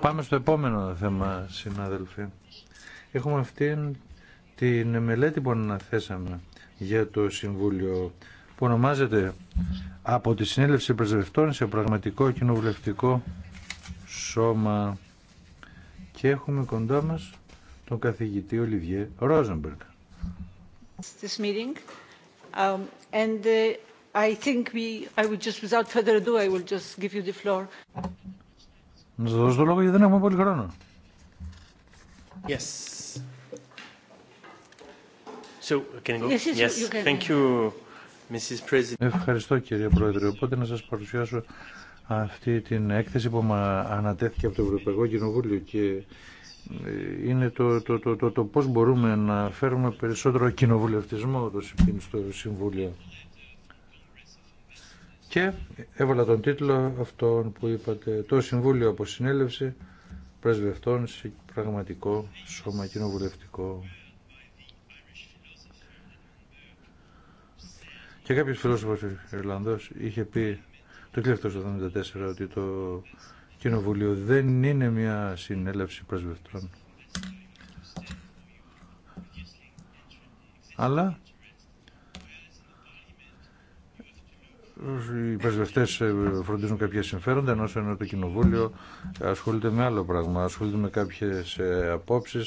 Πάμε στο επόμενο θέμα, συνάδελφοι. Έχουμε αυτήν την μελέτη που αναθέσαμε για το Συμβούλιο που ονομάζεται από τη Συνέλευση Πρεσβευτών σε πραγματικό κοινοβουλευτικό σώμα και έχουμε κοντά μας τον καθηγητή Ολιβιέ Ρόζενμπεργκ. Um, uh, without further ado, I will just give you the floor. Να σας δώσω το λόγο γιατί δεν έχουμε πολύ χρόνο. Yes. So, can go? Yes, Thank you, Mrs. President. Ευχαριστώ κύριε Πρόεδρε. Οπότε να σας παρουσιάσω αυτή την έκθεση που μα ανατέθηκε από το Ευρωπαϊκό Κοινοβούλιο και ε, είναι το, το, το, το, το πώς μπορούμε να φέρουμε περισσότερο κοινοβουλευτισμό στο Συμβούλιο. Και έβαλα τον τίτλο αυτόν που είπατε «Το Συμβούλιο από Συνέλευση Πρεσβευτών σε Πραγματικό Σώμα Κοινοβουλευτικό». Και κάποιος φιλόσοφος Ιρλανδός είχε πει το 1974 ότι το Κοινοβούλιο δεν είναι μια συνέλευση πρεσβευτών. Αλλά οι πρεσβευτέ ε, φροντίζουν κάποια συμφέροντα, ενώ, ενώ το κοινοβούλιο ασχολείται με άλλο πράγμα, ασχολείται με κάποιε απόψει.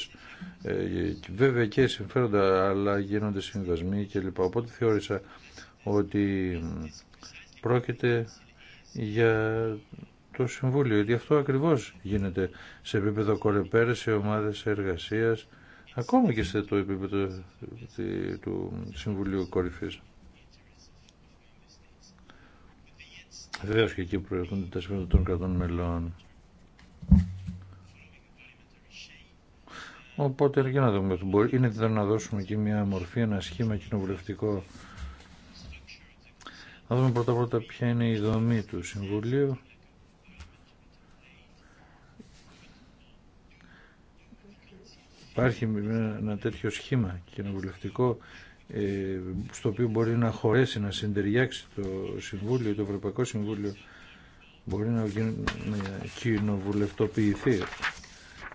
Ε, βέβαια και συμφέροντα, αλλά γίνονται συμβασμοί κλπ. Οπότε θεώρησα ότι πρόκειται για το Συμβούλιο, γιατί αυτό ακριβώ γίνεται σε επίπεδο κορεπέρ, σε ομάδε εργασία ακόμα και σε το επίπεδο του Συμβουλίου Κορυφής. Βεβαίω και εκεί προέρχονται τα συμφέροντα των κρατών μελών. Οπότε για να δούμε. Μπορεί, είναι δυνατόν να δώσουμε εκεί μια μορφή, ένα σχήμα κοινοβουλευτικό. Να δούμε πρώτα πρώτα ποια είναι η δομή του Συμβουλίου. Υπάρχει ένα τέτοιο σχήμα κοινοβουλευτικό ε, στο οποίο μπορεί να χωρέσει, να συντεριάξει το Συμβούλιο, το Ευρωπαϊκό Συμβούλιο μπορεί να, κοινοβουλευτοποιηθεί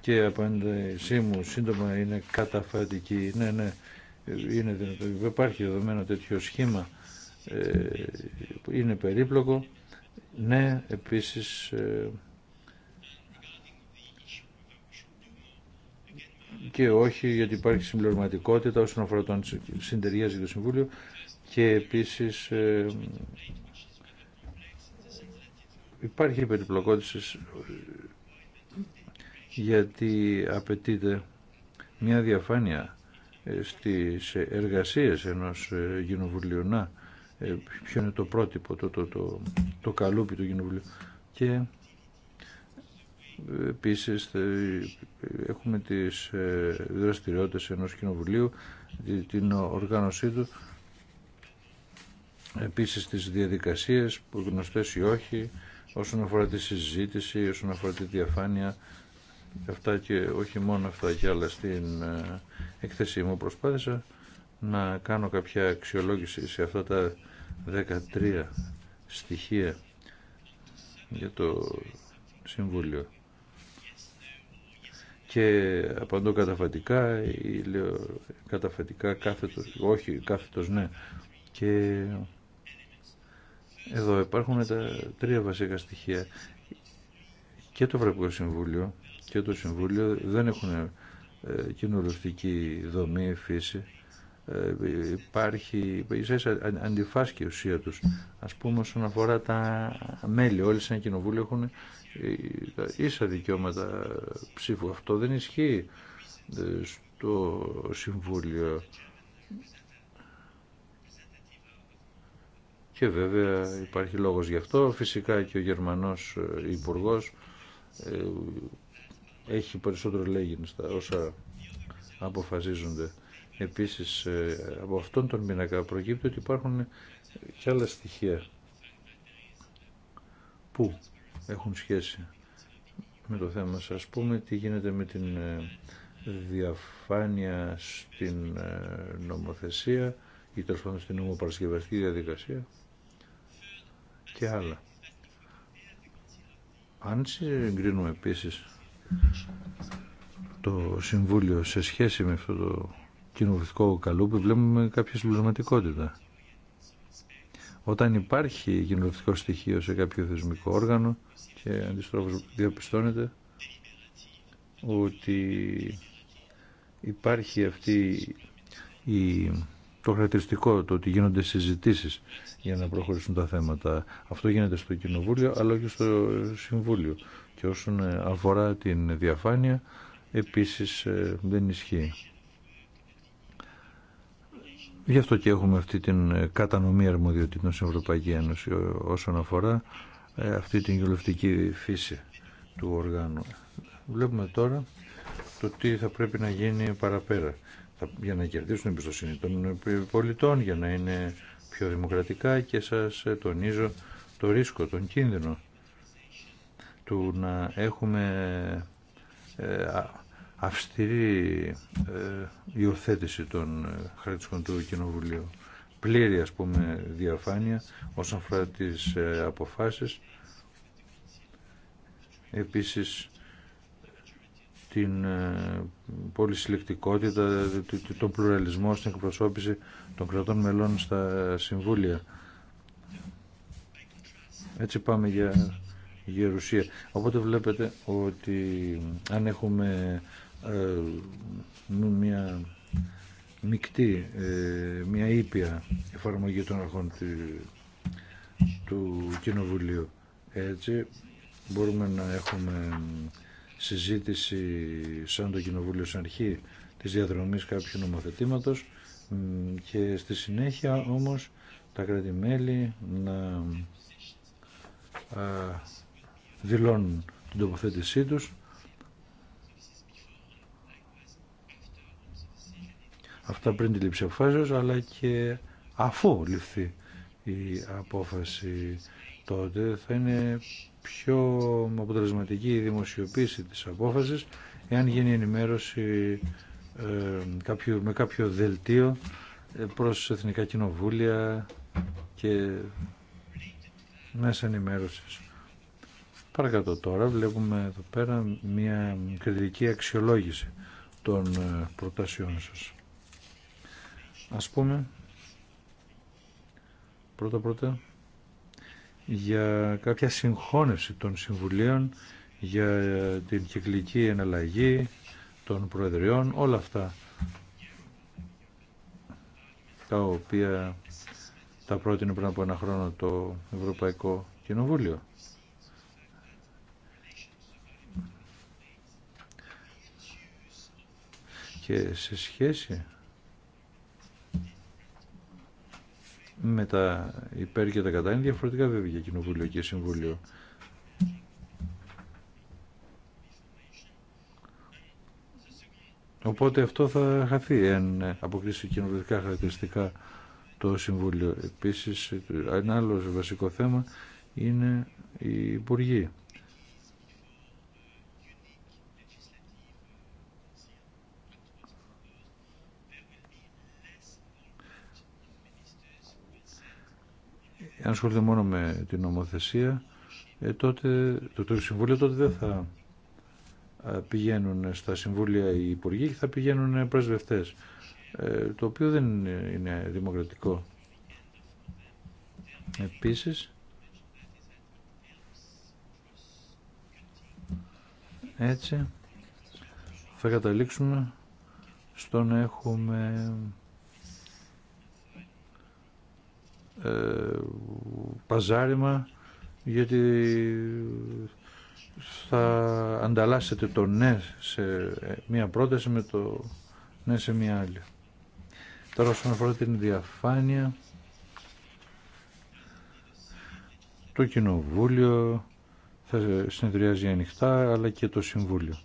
και η απάντησή μου σύντομα είναι καταφατική ναι ναι είναι δυνατό υπάρχει δεδομένο τέτοιο σχήμα ε, είναι περίπλοκο ναι επίσης ε, και όχι γιατί υπάρχει συμπληρωματικότητα όσον αφορά το αν συντεριάζει το Συμβούλιο και επίσης ε, υπάρχει περιπλοκότηση γιατί απαιτείται μια διαφάνεια ε, στις εργασίες ενός ε, κοινοβουλίου να ποιο είναι το πρότυπο, το, το, το, το καλούπι του γενοβουλίου και Επίσης έχουμε τις ε, δραστηριότητες ενός κοινοβουλίου, την οργάνωσή του, επίσης τις διαδικασίες που γνωστές ή όχι, όσον αφορά τη συζήτηση, όσον αφορά τη διαφάνεια, αυτά και όχι μόνο αυτά και άλλα στην εκθεσή μου προσπάθησα να κάνω κάποια αξιολόγηση σε αυτά τα 13 στοιχεία για το Συμβούλιο και απαντώ καταφατικά ή λέω καταφατικά κάθετος, όχι κάθετος ναι. Και εδώ υπάρχουν τα τρία βασικά στοιχεία. Και το Ευρωπαϊκό Συμβούλιο και το Συμβούλιο δεν έχουν ε, κοινοβουλευτική δομή, φύση. Ε, υπάρχει αντιφάσκη ουσία τους. Ας πούμε όσον αφορά τα μέλη, όλοι σαν κοινοβούλιο έχουν ε, ίσα δικαιώματα ψήφου. Αυτό δεν ισχύει ε, στο Συμβούλιο. Και βέβαια υπάρχει λόγος γι' αυτό. Φυσικά και ο Γερμανός Υπουργός έχει περισσότερο λέγει στα όσα αποφασίζονται. Επίσης ε, από αυτόν τον μήνακα προκύπτει ότι υπάρχουν και άλλα στοιχεία που έχουν σχέση με το θέμα σας. πούμε τι γίνεται με την ε, διαφάνεια στην ε, νομοθεσία ή τέλο πάντων στην νομοπαρασκευαστική διαδικασία και άλλα. Αν συγκρίνουμε επίσης το Συμβούλιο σε σχέση με αυτό το κοινοβουλευτικό καλούπι βλέπουμε κάποια συμπληρωματικότητα. Όταν υπάρχει κοινοβουλευτικό στοιχείο σε κάποιο θεσμικό όργανο και αντιστρόφως διαπιστώνεται ότι υπάρχει αυτή η, το χαρακτηριστικό το ότι γίνονται συζητήσεις για να προχωρήσουν τα θέματα. Αυτό γίνεται στο Κοινοβούλιο αλλά και στο Συμβούλιο. Και όσον αφορά την διαφάνεια επίσης ε, δεν ισχύει. Γι' αυτό και έχουμε αυτή την ε, κατανομή αρμοδιοτήτων στην Ευρωπαϊκή Ένωση όσον αφορά ε, αυτή την γελοφτική φύση του οργάνου. Βλέπουμε τώρα το τι θα πρέπει να γίνει παραπέρα για να κερδίσουν εμπιστοσύνη των ε, πολιτών, για να είναι πιο δημοκρατικά και σας τονίζω το ρίσκο, τον κίνδυνο του να έχουμε αυστηρή ε, υιοθέτηση των ε, χαρακτηριστικών του Κοινοβουλίου. Πλήρη, ας πούμε, διαφάνεια όσον αφορά τις ε, αποφάσεις. Επίσης, την ε, πολυσυλλεκτικότητα, τον πλουραλισμό στην εκπροσώπηση των κρατών μελών στα συμβούλια. Έτσι πάμε για γερουσία. Οπότε βλέπετε ότι αν έχουμε ε, μια μεικτή, ε, μια ήπια εφαρμογή των αρχών του Κοινοβουλίου. Έτσι μπορούμε να έχουμε συζήτηση σαν το Κοινοβούλιο σαν αρχή της διαδρομής κάποιου νομοθετήματος και στη συνέχεια όμως τα κράτη-μέλη να δηλώνουν την τοποθέτησή τους αυτά πριν τη λήψη αποφάσεως αλλά και αφού ληφθεί η απόφαση τότε θα είναι πιο αποτελεσματική η δημοσιοποίηση της απόφασης εάν γίνει ενημέρωση ε, κάποιο, με κάποιο δελτίο ε, προς εθνικά κοινοβούλια και μέσα ενημέρωσης. Παρακατώ τώρα βλέπουμε εδώ πέρα μια κριτική αξιολόγηση των ε, προτάσεών σας. Ας πούμε, πρώτα-πρώτα, για κάποια συγχώνευση των συμβουλίων, για την κυκλική εναλλαγή των προεδριών, όλα αυτά τα οποία τα πρότεινε πριν από ένα χρόνο το Ευρωπαϊκό Κοινοβούλιο. Και σε σχέση με τα υπέρ και τα κατά είναι διαφορετικά βέβαια για Κοινοβούλιο και Συμβούλιο. Οπότε αυτό θα χαθεί αν αποκρίσει κοινοβουλευτικά χαρακτηριστικά το Συμβούλιο. Επίσης, ένα άλλο βασικό θέμα είναι οι Υπουργοί. αν ασχολείται μόνο με την νομοθεσία, ε, τότε, το, το Συμβούλιο τότε δεν θα ε, πηγαίνουν στα Συμβούλια οι Υπουργοί και θα πηγαίνουν πρεσβευτές, ε, το οποίο δεν είναι δημοκρατικό. Επίσης, έτσι, θα καταλήξουμε στο να έχουμε Ε, παζάριμα γιατί θα ανταλλάσσετε το ναι σε μία πρόταση με το ναι σε μία άλλη. Τώρα όσον αφορά την διαφάνεια το Κοινοβούλιο θα συνεδριάζει ανοιχτά αλλά και το Συμβούλιο.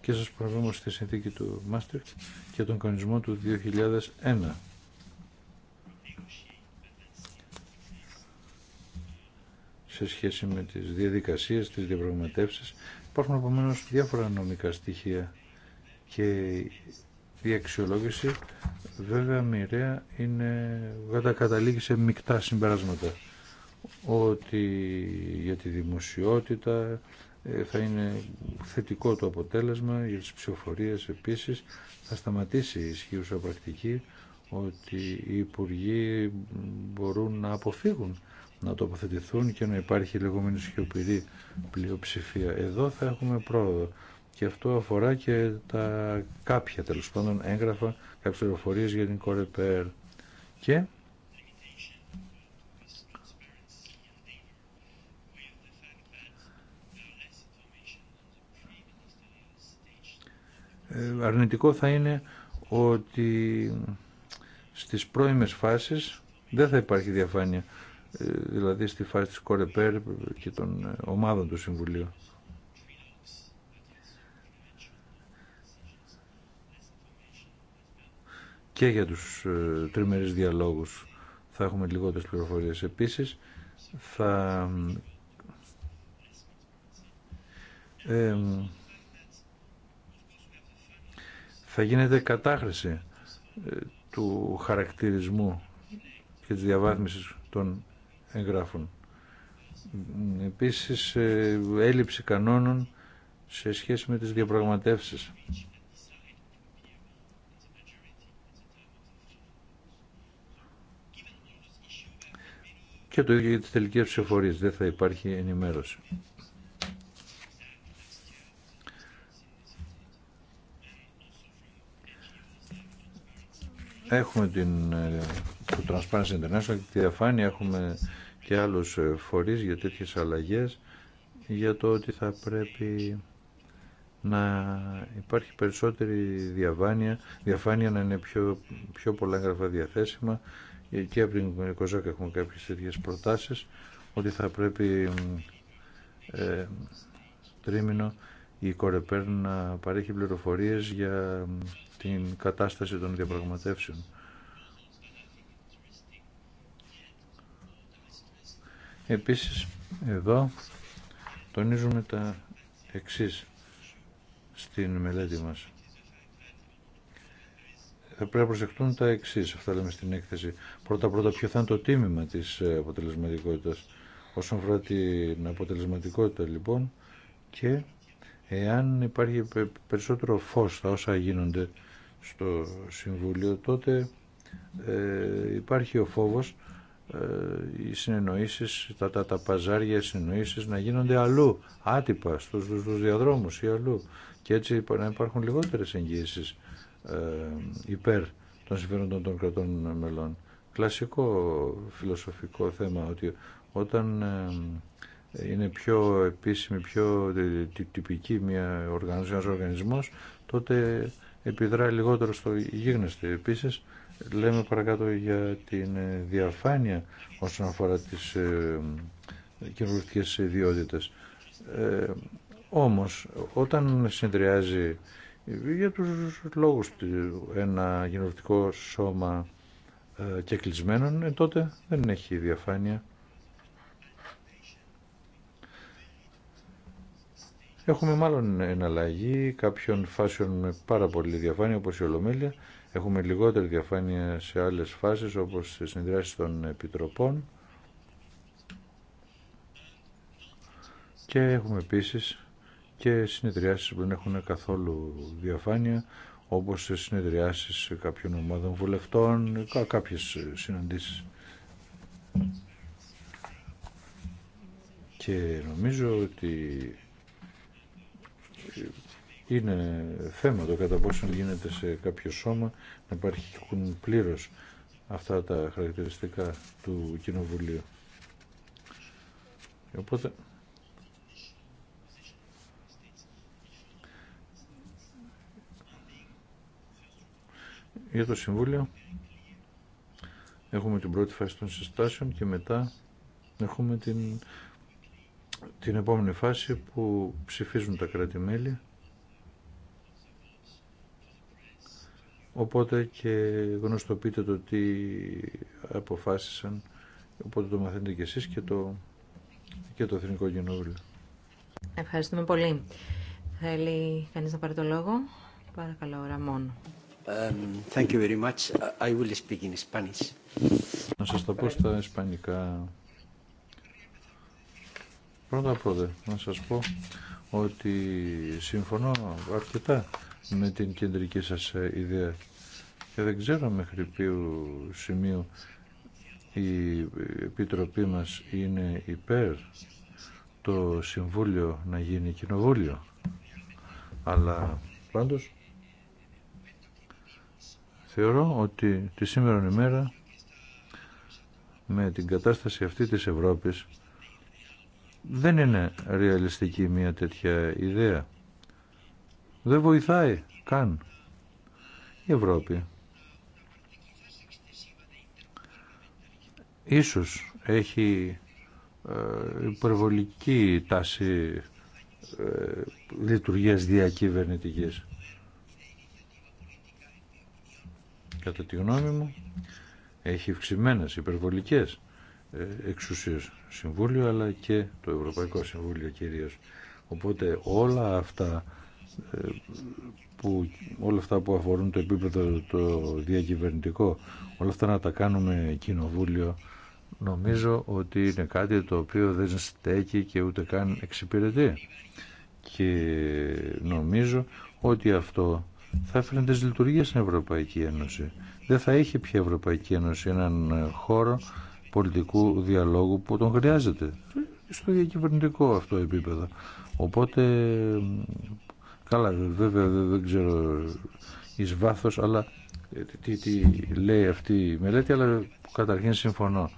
Και σας προβλήμω στη συνθήκη του Μάστερ και τον κανονισμό του 2001. σε σχέση με τις διαδικασίες, τις διαπραγματεύσεις. Υπάρχουν επομένω διάφορα νομικά στοιχεία και η αξιολόγηση βέβαια μοιραία είναι, καταλήγει σε μεικτά συμπεράσματα ότι για τη δημοσιότητα ε, θα είναι θετικό το αποτέλεσμα για τις ψηφοφορίες επίσης θα σταματήσει η ισχύουσα πρακτική ότι οι υπουργοί μπορούν να αποφύγουν να τοποθετηθούν και να υπάρχει λεγόμενη σιωπηρή πλειοψηφία. Εδώ θα έχουμε πρόοδο και αυτό αφορά και τα κάποια τέλο πάντων έγγραφα, κάποιε πληροφορίε για την Κορεπέρ. Και ε, αρνητικό θα είναι ότι στις πρώιμες φάσεις δεν θα υπάρχει διαφάνεια. Ε, δηλαδή στη φάση της Κορεπέρ και των ε, ομάδων του Συμβουλίου. Και για τους ε, τριμερείς διαλόγους θα έχουμε λιγότερες πληροφορίες. Επίσης θα θα γίνεται κατάχρηση του χαρακτηρισμού και της διαβάθμισης των εγγράφουν Επίσης, ε, έλλειψη κανόνων σε σχέση με τις διαπραγματεύσεις. Και το ίδιο για τις τελικές ψηφορίες. Δεν θα υπάρχει ενημέρωση. Έχουμε την ε, του Transparency International και τη διαφάνεια έχουμε και άλλους ε, φορείς για τέτοιες αλλαγές για το ότι θα πρέπει να υπάρχει περισσότερη διαφάνεια, διαφάνεια να είναι πιο, πολλά έγγραφα διαθέσιμα και από την Κοζάκα έχουμε κάποιες τέτοιες προτάσεις ότι θα πρέπει ε, τρίμηνο η Κορεπέρ να παρέχει πληροφορίες για την κατάσταση των διαπραγματεύσεων. Επίσης εδώ τονίζουμε τα εξής στην μελέτη μας. Θα πρέπει να προσεχτούν τα εξή, αυτά λέμε στην έκθεση. Πρώτα πρώτα ποιο θα είναι το τίμημα της ε, αποτελεσματικότητας όσον αφορά την αποτελεσματικότητα λοιπόν και εάν υπάρχει περισσότερο φως στα όσα γίνονται στο Συμβούλιο τότε ε, υπάρχει ο φόβος ε, οι συνεννοήσεις, τα, τα, τα παζάρια συνεννοήσει να γίνονται αλλού, άτυπα, στους, διαδρόμου διαδρόμους ή αλλού. Και έτσι να υπάρχουν λιγότερες εγγύησεις ε, υπέρ των συμφέροντων των κρατών μελών. Κλασικό φιλοσοφικό θέμα ότι όταν ε, είναι πιο επίσημη, πιο τυπική μια οργάνωση, ένας οργανισμός, τότε επιδρά λιγότερο στο γίγνεσθε. Επίσης, λέμε παρακάτω για την ε, διαφάνεια όσον αφορά τις ε, κοινωνικές ιδιότητες. Ε, όμως, όταν συντριάζει για τους λόγους ένα κοινωνικό σώμα ε, και κλεισμένων, ε, τότε δεν έχει διαφάνεια. Έχουμε μάλλον εναλλαγή κάποιων φάσεων με πάρα πολύ διαφάνεια, όπως η Ολομέλεια, Έχουμε λιγότερη διαφάνεια σε άλλες φάσεις όπως σε συνδράσεις των επιτροπών και έχουμε επίσης και συνεδριάσεις που δεν έχουν καθόλου διαφάνεια όπως σε συνεδριάσεις κάποιων ομάδων βουλευτών, κάποιες συναντήσεις. Και νομίζω ότι είναι θέμα το κατά πόσο γίνεται σε κάποιο σώμα να υπάρχουν πλήρως αυτά τα χαρακτηριστικά του Κοινοβουλίου. Οπότε... Για το Συμβούλιο έχουμε την πρώτη φάση των συστάσεων και μετά έχουμε την, την επόμενη φάση που ψηφίζουν τα κράτη-μέλη Οπότε και γνωστοποιείτε το τι αποφάσισαν. Οπότε το μαθαίνετε και εσείς και το, και το Εθνικό Κοινόβουλιο. Ευχαριστούμε πολύ. Θέλει κανείς να πάρει το λόγο. Παρακαλώ, Ραμόν. Να σας τα πω στα ισπανικά. Πρώτα πρώτα να σας πω ότι συμφωνώ αρκετά με την κεντρική σας ε, ιδέα. Και δεν ξέρω μέχρι ποιου σημείου η Επιτροπή μας είναι υπέρ το Συμβούλιο να γίνει Κοινοβούλιο. Αλλά πάντως θεωρώ ότι τη σήμερα ημέρα με την κατάσταση αυτή της Ευρώπης δεν είναι ρεαλιστική μια τέτοια ιδέα. Δεν βοηθάει καν η Ευρώπη. Ίσως έχει ε, υπερβολική τάση λειτουργία λειτουργίας διακυβερνητικής. Κατά τη γνώμη μου, έχει ευξημένε υπερβολικές ε, εξουσίες Συμβούλιο, αλλά και το Ευρωπαϊκό Συμβούλιο κυρίως. Οπότε όλα αυτά που όλα αυτά που αφορούν το επίπεδο το διακυβερνητικό, όλα αυτά να τα κάνουμε κοινοβούλιο, νομίζω ότι είναι κάτι το οποίο δεν στέκει και ούτε καν εξυπηρετεί. Και νομίζω ότι αυτό θα έφερε τις λειτουργίες στην Ευρωπαϊκή Ένωση. Δεν θα είχε πια η Ευρωπαϊκή Ένωση έναν χώρο πολιτικού διαλόγου που τον χρειάζεται στο διακυβερνητικό αυτό επίπεδο. Οπότε Καλά, βέβαια δεν ξέρω ει βάθος, αλλά ε, τι, τι λέει αυτή η μελέτη, αλλά καταρχήν συμφωνώ.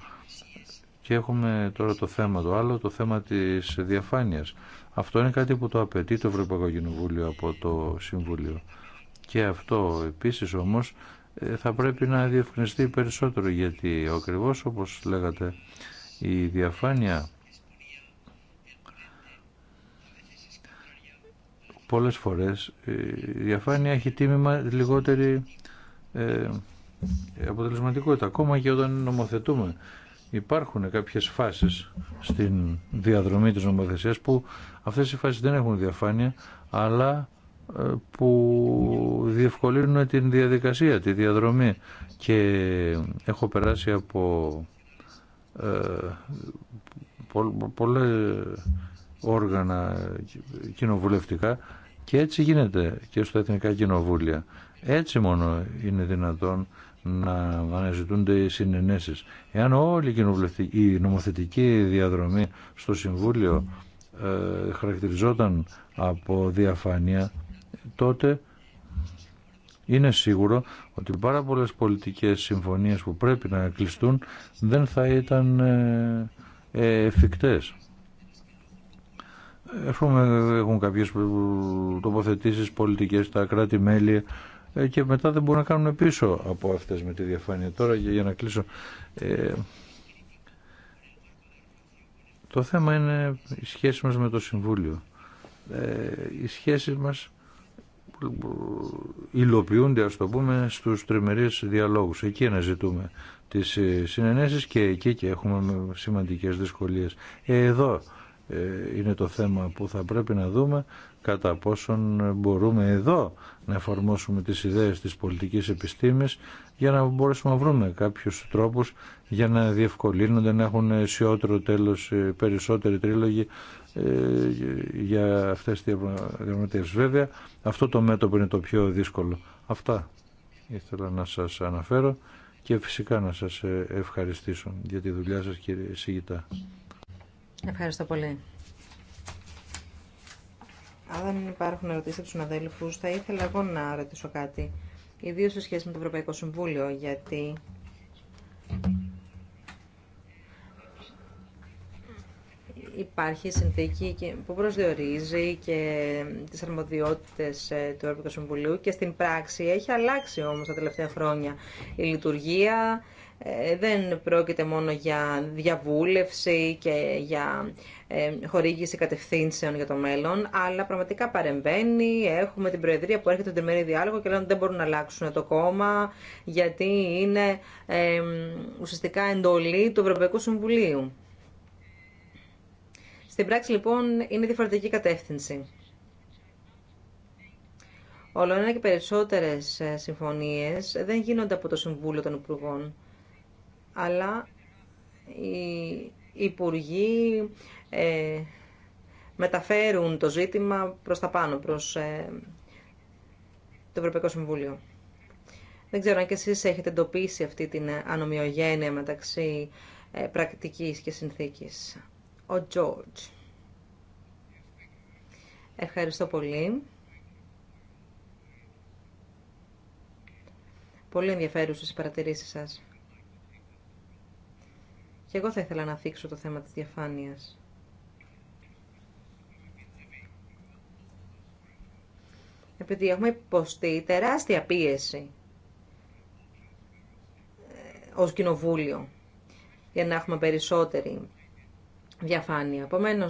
Και έχουμε τώρα το θέμα το άλλο, το θέμα της διαφάνειας. Αυτό είναι κάτι που το απαιτεί το Ευρωπαϊκό Κοινοβούλιο από το Συμβούλιο. Και αυτό επίσης όμως ε, θα πρέπει να διευκρινιστεί περισσότερο γιατί ακριβώ όπως λέγατε η διαφάνεια πολλές φορές η διαφάνεια έχει τίμημα λιγότερη ε, αποτελεσματικότητα. Ακόμα και όταν νομοθετούμε υπάρχουν κάποιες φάσεις στην διαδρομή της νομοθεσίας που αυτές οι φάσεις δεν έχουν διαφάνεια αλλά ε, που διευκολύνουν την διαδικασία, τη διαδρομή και έχω περάσει από ε, πολλά όργανα ε, κοινοβουλευτικά και έτσι γίνεται και στα Εθνικά Κοινοβούλια. Έτσι μόνο είναι δυνατόν να αναζητούνται οι συνενέσεις. Εάν όλη η νομοθετική διαδρομή στο Συμβούλιο ε, χαρακτηριζόταν από διαφάνεια, τότε είναι σίγουρο ότι πάρα πολλές πολιτικές συμφωνίες που πρέπει να κλειστούν δεν θα ήταν ε, ε, εφικτές έχουμε, έχουν κάποιες τοποθετήσεις πολιτικές τα κράτη-μέλη ε, και μετά δεν μπορούν να κάνουν πίσω από αυτές με τη διαφάνεια. Τώρα για, να κλείσω. Ε, το θέμα είναι η σχέση μας με το Συμβούλιο. Ε, οι σχέσεις μας υλοποιούνται, ας το πούμε, στους τριμερείς διαλόγους. Εκεί ζητούμε τις ε, συνενέσεις και εκεί και έχουμε σημαντικές δυσκολίες. εδώ ε, είναι το θέμα που θα πρέπει να δούμε κατά πόσον μπορούμε εδώ να εφαρμόσουμε τις ιδέες της πολιτικής επιστήμης για να μπορέσουμε να βρούμε κάποιους τρόπους για να διευκολύνονται, να έχουν αισιότερο τέλος ε, περισσότεροι τρίλογοι ε, για αυτές τις διαπραγματεύσεις. Βέβαια, αυτό το μέτωπο είναι το πιο δύσκολο. Αυτά ήθελα να σας αναφέρω και φυσικά να σας ευχαριστήσω για τη δουλειά σας κύριε Σίγητα. Ευχαριστώ πολύ. Αν δεν υπάρχουν ερωτήσει από του συναδέλφου, θα ήθελα εγώ να ρωτήσω κάτι. Ιδίω σε σχέση με το Ευρωπαϊκό Συμβούλιο, γιατί. Υπάρχει συνθήκη που προσδιορίζει και τις αρμοδιότητες ε, του Ευρωπαϊκού Συμβουλίου και στην πράξη έχει αλλάξει όμως τα τελευταία χρόνια η λειτουργία, ε, δεν πρόκειται μόνο για διαβούλευση και για ε, χορήγηση κατευθύνσεων για το μέλλον, αλλά πραγματικά παρεμβαίνει. Έχουμε την Προεδρία που έρχεται τον τριμερή διάλογο και λένε ότι δεν μπορούν να αλλάξουν το κόμμα, γιατί είναι ε, ουσιαστικά εντολή του Ευρωπαϊκού Συμβουλίου. Στην πράξη, λοιπόν, είναι διαφορετική κατεύθυνση. Όλο ένα και περισσότερες συμφωνίες δεν γίνονται από το Συμβούλιο των Υπουργών αλλά οι υπουργοί ε, μεταφέρουν το ζήτημα προς τα πάνω, προς ε, το Ευρωπαϊκό Συμβούλιο. Δεν ξέρω αν και εσείς έχετε εντοπίσει αυτή την ανομοιογένεια μεταξύ ε, πρακτικής και συνθήκης. Ο Τζόρτζ. Ευχαριστώ πολύ. Πολύ ενδιαφέρουσες οι παρατηρήσεις σας. Και εγώ θα ήθελα να θίξω το θέμα της διαφάνειας. Επειδή έχουμε υποστεί τεράστια πίεση ε, ως κοινοβούλιο για να έχουμε περισσότερη διαφάνεια. Επομένω,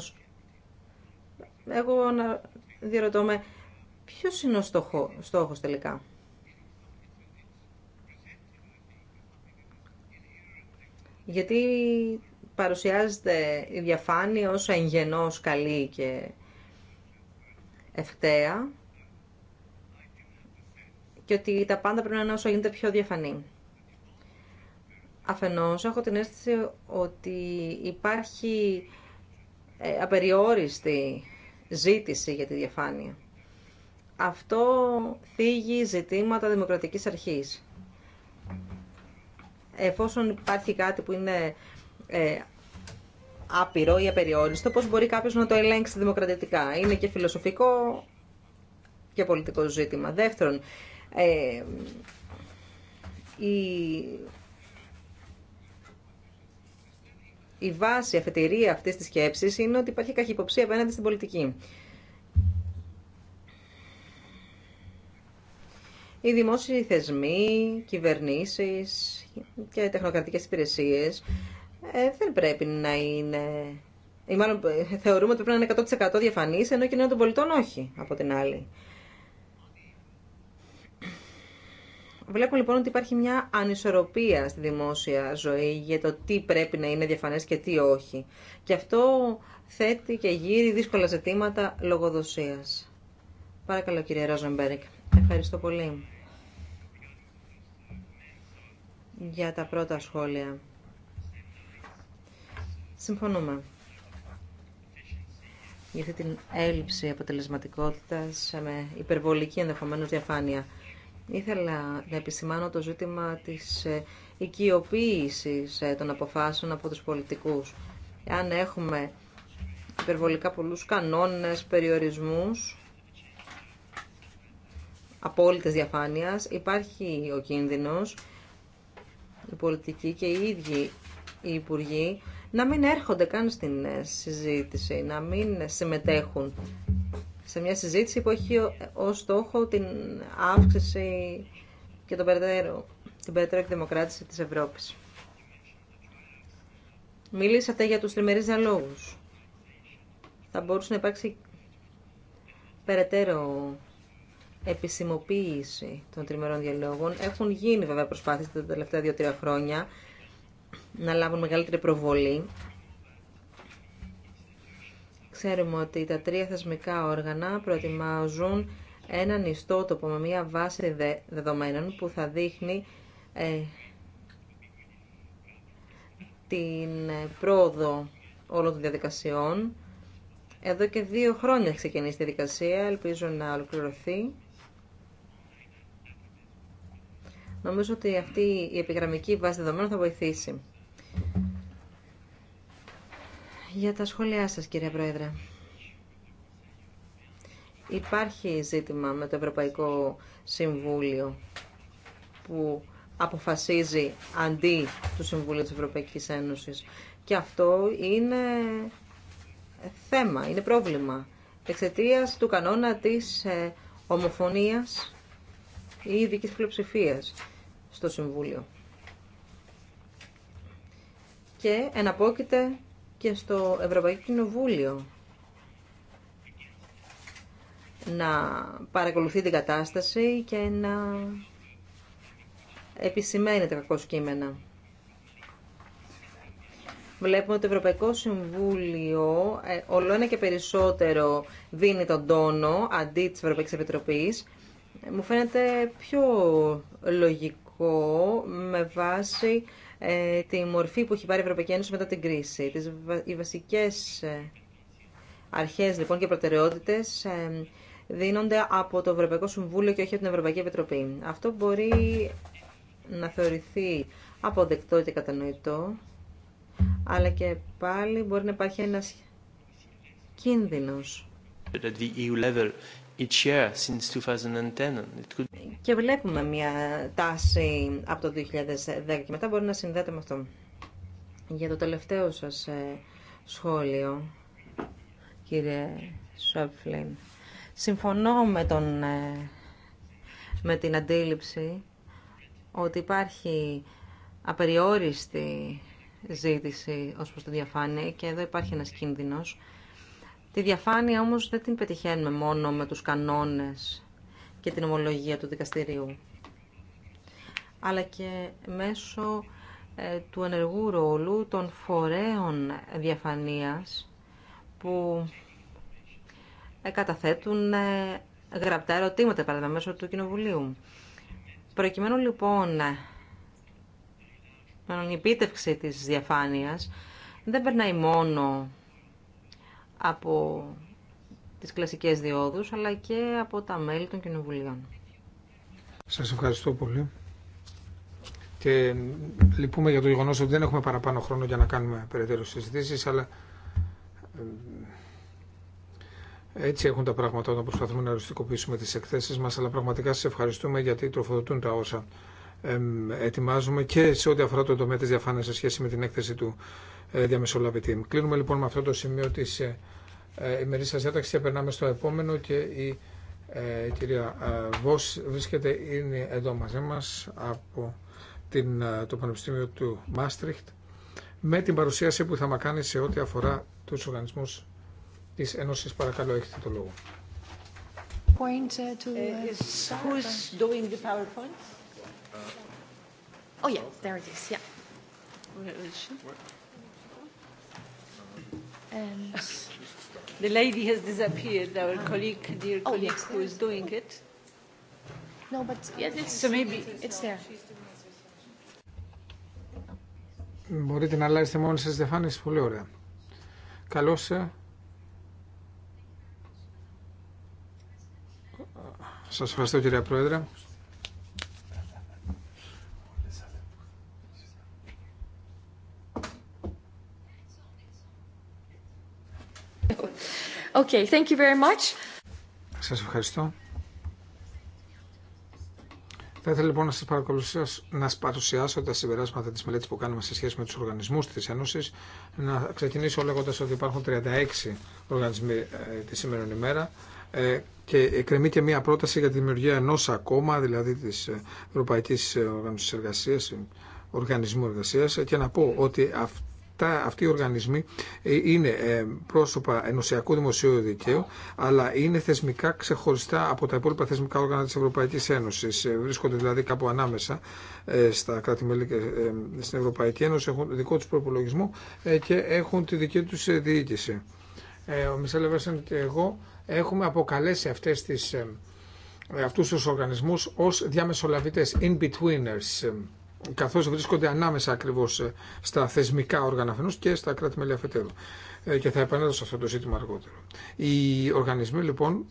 εγώ να διερωτώ με ποιος είναι ο στόχο, στόχος τελικά. γιατί παρουσιάζεται η διαφάνεια ως εγγενώς καλή και ευκταία και ότι τα πάντα πρέπει να είναι όσο γίνεται πιο διαφανή. Αφενός, έχω την αίσθηση ότι υπάρχει ε, απεριόριστη ζήτηση για τη διαφάνεια. Αυτό θίγει ζητήματα δημοκρατικής αρχής εφόσον υπάρχει κάτι που είναι ε, άπειρο ή απεριόριστο, πώς μπορεί κάποιος να το ελέγξει δημοκρατικά. Είναι και φιλοσοφικό και πολιτικό ζήτημα. Δεύτερον, ε, η, η βάση, η αφετηρία αυτής της σκέψης είναι ότι υπάρχει καχυποψία απέναντι στην πολιτική. Οι δημόσιοι θεσμοί, κυβερνήσεις, και τεχνοκρατικές υπηρεσίες ε, δεν πρέπει να είναι... Ή μάλλον ε, θεωρούμε ότι πρέπει να είναι 100% διαφανής, ενώ η μαλλον θεωρουμε οτι πρεπει να ειναι 100 διαφανης ενω και κοινωνια των πολιτών όχι, από την άλλη. Βλέπουμε λοιπόν ότι υπάρχει μια ανισορροπία στη δημόσια ζωή για το τι πρέπει να είναι διαφανές και τι όχι. Και αυτό θέτει και γύρει δύσκολα ζητήματα λογοδοσία. Παρακαλώ κύριε Ρόζενμπεργκ. Ευχαριστώ πολύ. για τα πρώτα σχόλια. Συμφωνούμε για αυτή την έλλειψη αποτελεσματικότητας με υπερβολική ενδεχομένως διαφάνεια. Ήθελα να επισημάνω το ζήτημα της ε, οικειοποίησης ε, των αποφάσεων από τους πολιτικούς. Αν έχουμε υπερβολικά πολλούς κανόνες, περιορισμούς, απόλυτες διαφάνειας, υπάρχει ο κίνδυνος οι πολιτικοί και οι ίδιοι οι υπουργοί να μην έρχονται καν στην ε, συζήτηση, να μην συμμετέχουν σε μια συζήτηση που έχει ε, ως στόχο την αύξηση και το περαιτέρω, την περαιτέρω εκδημοκράτηση της Ευρώπης. Μιλήσατε για τους τριμερείς διαλόγους. Θα μπορούσε να υπάρξει περαιτέρω επισημοποίηση των τριμερών διαλόγων. Έχουν γίνει βέβαια προσπάθειες τα τελευταία δύο-τρία χρόνια να λάβουν μεγαλύτερη προβολή. Ξέρουμε ότι τα τρία θεσμικά όργανα προετοιμάζουν έναν ιστότοπο με μια βάση δεδομένων που θα δείχνει ε, την πρόοδο όλων των διαδικασιών. Εδώ και δύο χρόνια ξεκινήσει η διαδικασία, ελπίζω να ολοκληρωθεί. Νομίζω ότι αυτή η επιγραμμική βάση δεδομένων θα βοηθήσει. Για τα σχόλιά σας, κύριε Πρόεδρε. Υπάρχει ζήτημα με το Ευρωπαϊκό Συμβούλιο που αποφασίζει αντί του Συμβουλίου της Ευρωπαϊκής Ένωσης. Και αυτό είναι θέμα, είναι πρόβλημα. Εξαιτία του κανόνα της ε, ομοφωνίας ή ειδικής πλειοψηφίας στο Συμβούλιο. Και εναπόκειται και στο Ευρωπαϊκό Κοινοβούλιο να παρακολουθεί την κατάσταση και να επισημαίνει τα κακό κείμενα. Βλέπουμε ότι το Ευρωπαϊκό Συμβούλιο ε, όλο ένα και περισσότερο δίνει τον τόνο αντί της Ευρωπαϊκής Επιτροπής. Ε, μου φαίνεται πιο λογικό με βάση ε, τη μορφή που έχει πάρει η Ευρωπαϊκή Ένωση μετά την κρίση. Τις, οι βασικές ε, αρχές λοιπόν και προτεραιότητες ε, δίνονται από το Ευρωπαϊκό Συμβούλιο και όχι από την Ευρωπαϊκή Επιτροπή. Αυτό μπορεί να θεωρηθεί αποδεκτό και κατανοητό, αλλά και πάλι μπορεί να υπάρχει ένας κίνδυνος. the EU level και βλέπουμε μια τάση από το 2010 και μετά μπορεί να συνδέεται με αυτό. Για το τελευταίο σας ε, σχόλιο, κύριε Σόφλιν, συμφωνώ με, τον, ε, με την αντίληψη ότι υπάρχει απεριόριστη ζήτηση ως προς το διαφάνεια και εδώ υπάρχει ένας κίνδυνος Τη διαφάνεια όμως δεν την πετυχαίνουμε μόνο με τους κανόνες και την ομολογία του δικαστηρίου, αλλά και μέσω ε, του ενεργού ρόλου των φορέων διαφανείας που ε, καταθέτουν ε, γραπτά ερωτήματα παράδειγμα μέσω του Κοινοβουλίου. Προκειμένου λοιπόν η επίτευξη της διαφάνειας δεν περνάει μόνο από τις κλασικές διόδους, αλλά και από τα μέλη των κοινοβουλίων. Σας ευχαριστώ πολύ. Και λυπούμε για το γεγονός ότι δεν έχουμε παραπάνω χρόνο για να κάνουμε περαιτέρω συζητήσεις, αλλά έτσι έχουν τα πράγματα όταν προσπαθούμε να οριστικοποιήσουμε τις εκθέσεις μας, αλλά πραγματικά σας ευχαριστούμε γιατί τροφοδοτούν τα όσα ετοιμάζουμε και σε ό,τι αφορά το τομέα της διαφάνειας σε σχέση με την έκθεση του ε, διαμεσολαβητή. Κλείνουμε λοιπόν με αυτό το σημείο τη ε, ε, ημερήσια διάταξη και περνάμε στο επόμενο και η κυρία Βος βρίσκεται είναι εδώ μαζί μας από την, το Πανεπιστήμιο του Μάστριχτ με την παρουσίαση που θα μα κάνει σε ό,τι αφορά τους οργανισμούς της Ένωσης. Παρακαλώ, έχετε το λόγο. Oh yeah, there it is. Yeah. And the lady has disappeared, our colleague, dear oh, colleague, yes, who is doing it. No, but yes, it's, so maybe it's there. Μπορείτε να αλλάξετε μόνο σας δεφάνες, πολύ ωραία. Καλώς. Σας ευχαριστώ κυρία Πρόεδρε. Okay, thank you very much. Σας ευχαριστώ. Θα ήθελα λοιπόν να σας παρακολουθήσω, να σας παρουσιάσω τα συμπεράσματα της μελέτης που κάνουμε σε σχέση με τους οργανισμούς της Ένωσης. Να ξεκινήσω λέγοντας ότι υπάρχουν 36 οργανισμοί ε, τη σήμερα ημέρα ε, και εκκρεμεί και μία πρόταση για τη δημιουργία ενός ακόμα, δηλαδή της ε, Ευρωπαϊκής Οργανισμού Εργασίας και να πω ότι αυτό τα αυτοί οι οργανισμοί ε, είναι ε, πρόσωπα ενωσιακού δημοσίου δικαίου, αλλά είναι θεσμικά ξεχωριστά από τα υπόλοιπα θεσμικά όργανα της Ευρωπαϊκής Ένωσης. Ε, βρίσκονται δηλαδή κάπου ανάμεσα στα κράτη-μέλη και στην Ευρωπαϊκή Ένωση, έχουν δικό τους προπολογισμό και έχουν τη δική τους διοίκηση. Ο Μισελ και εγώ έχουμε αποκαλέσει αυτές τις, αυτούς τους οργανισμούς ως διαμεσολαβητές, in-betweeners, καθώς βρίσκονται ανάμεσα ακριβώς ε, στα θεσμικά όργανα αφενός και στα κράτη-μέλη αφετέρου. Ε, και θα επανέλθω σε αυτό το ζήτημα αργότερο. Οι οργανισμοί λοιπόν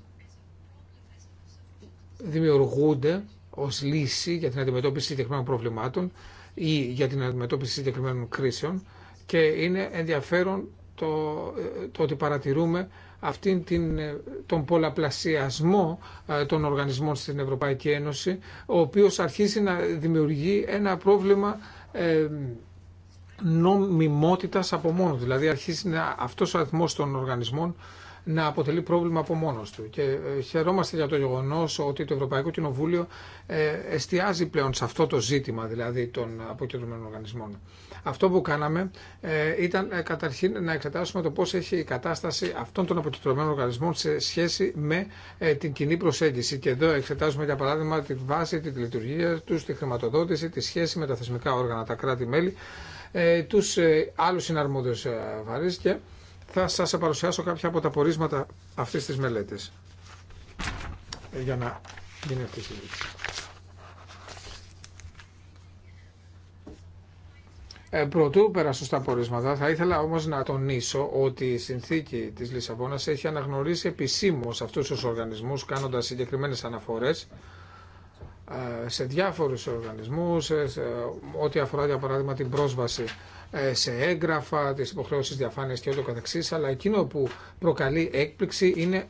δημιουργούνται ως λύση για την αντιμετώπιση συγκεκριμένων προβλημάτων ή για την αντιμετώπιση συγκεκριμένων κρίσεων και είναι ενδιαφέρον το, ε, το ότι παρατηρούμε αυτήν την, ε, τον πολλαπλασιασμό ε, των οργανισμών στην Ευρωπαϊκή Ένωση, ο οποίος αρχίζει να δημιουργεί ένα πρόβλημα ε, νομιμότητας από μόνο. Δηλαδή αρχίζει να, αυτός ο αριθμός των οργανισμών να αποτελεί πρόβλημα από μόνο του. Και ε, χαιρόμαστε για το γεγονό ότι το Ευρωπαϊκό Κοινοβούλιο ε, εστιάζει πλέον σε αυτό το ζήτημα, δηλαδή των αποκεντρωμένων οργανισμών. Αυτό που κάναμε ε, ήταν καταρχήν να εξετάσουμε το πώ έχει η κατάσταση αυτών των αποκεντρωμένων οργανισμών σε σχέση με την κοινή προσέγγιση. Και εδώ εξετάζουμε για παράδειγμα τη βάση, τη λειτουργία του, τη χρηματοδότηση, τη σχέση με τα θεσμικά όργανα, τα κράτη-μέλη, του άλλου συναρμόδιου βαρύ και θα σας παρουσιάσω κάποια από τα πορίσματα αυτής της μελέτης ε, για να γίνει αυτή η συζήτηση. Ε, πρωτού περάσω στα πορίσματα, θα ήθελα όμως να τονίσω ότι η συνθήκη της Λισαβόνας έχει αναγνωρίσει επισήμως αυτούς τους οργανισμούς κάνοντας συγκεκριμένες αναφορές ε, σε διάφορους οργανισμούς, ε, ό,τι αφορά για παράδειγμα την πρόσβαση ε, σε έγγραφα, τις υποχρεώσεις διαφάνειας και ούτω καθεξής, αλλά εκείνο που προκαλεί έκπληξη είναι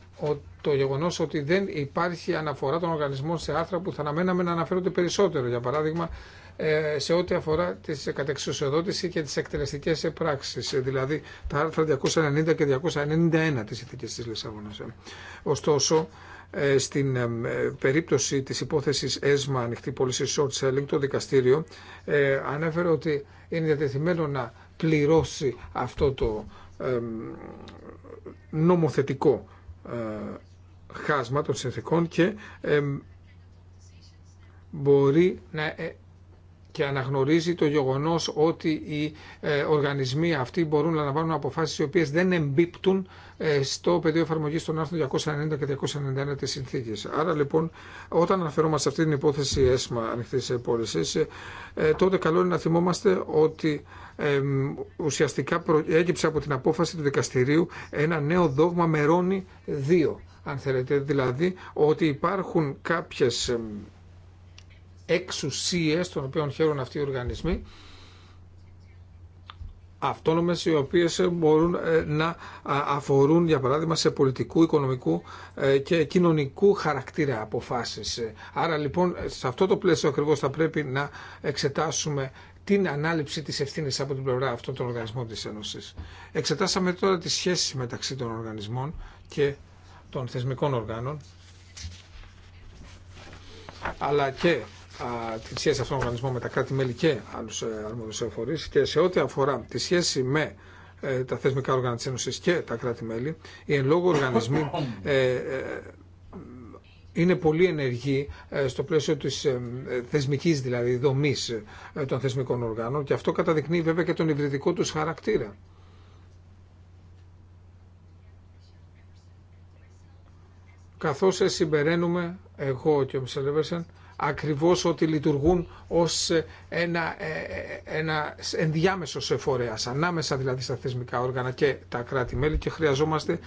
το γεγονός ότι δεν υπάρχει αναφορά των οργανισμών σε άρθρα που θα αναμέναμε να αναφέρονται περισσότερο. Για παράδειγμα, ε, σε ό,τι αφορά τη κατεξουσιοδότηση και τι εκτελεστικέ πράξει, δηλαδή τα άρθρα 290 και 291 τη Ηθική τη Λισαβόνα. Ωστόσο, ε, στην ε, ε, περίπτωση της υπόθεσης ΕΣΜΑ ανοιχτή πώληση short selling το δικαστήριο ανέφερε ότι είναι διατεθειμένο να πληρώσει αυτό το νομοθετικό χάσμα των συνθήκων και μπορεί να και αναγνωρίζει το γεγονός ότι οι ε, οργανισμοί αυτοί μπορούν να λαμβάνουν αποφάσεις οι οποίες δεν εμπίπτουν ε, στο πεδίο εφαρμογή των άρθρων 290 και 291 τη συνθήκη. Άρα λοιπόν, όταν αναφερόμαστε σε αυτή την υπόθεση έσμα ανοιχτή πώληση, ε, τότε καλό είναι να θυμόμαστε ότι ουσιαστικά έγκυψε από την απόφαση του δικαστηρίου ένα νέο δόγμα μερώνει δύο, αν θέλετε. Δηλαδή ότι υπάρχουν κάποιες εξουσίες των οποίων χαίρουν αυτοί οι οργανισμοί αυτόνομες οι οποίες ε, μπορούν ε, να αφορούν για παράδειγμα σε πολιτικού, οικονομικού ε, και κοινωνικού χαρακτήρα αποφάσεις. Άρα λοιπόν σε αυτό το πλαίσιο ακριβώς θα πρέπει να εξετάσουμε την ανάληψη της ευθύνης από την πλευρά αυτών των οργανισμών της Ένωσης. Εξετάσαμε τώρα τις σχέσεις μεταξύ των οργανισμών και των θεσμικών οργάνων αλλά και τη σχέση αυτών των οργανισμών με τα κράτη-μέλη και άλλους ε, αρμόδιους και σε ό,τι αφορά τη σχέση με ε, τα θεσμικά όργανα τη Ένωση και τα κράτη-μέλη, οι εν λόγω οργανισμοί ε, είναι πολύ ενεργοί στο πλαίσιο της θεσμικής δηλαδή δομής των θεσμικών οργάνων και αυτό καταδεικνύει βέβαια και τον υβριδικό του χαρακτήρα. Καθώς συμπεραίνουμε εγώ και ο Μισελ ακριβώς ότι λειτουργούν ως ε, ένα, ε, ε, ένα ενδιάμεσος εφορέας ανάμεσα δηλαδή στα θεσμικά όργανα και τα κράτη-μέλη και χρειαζόμαστε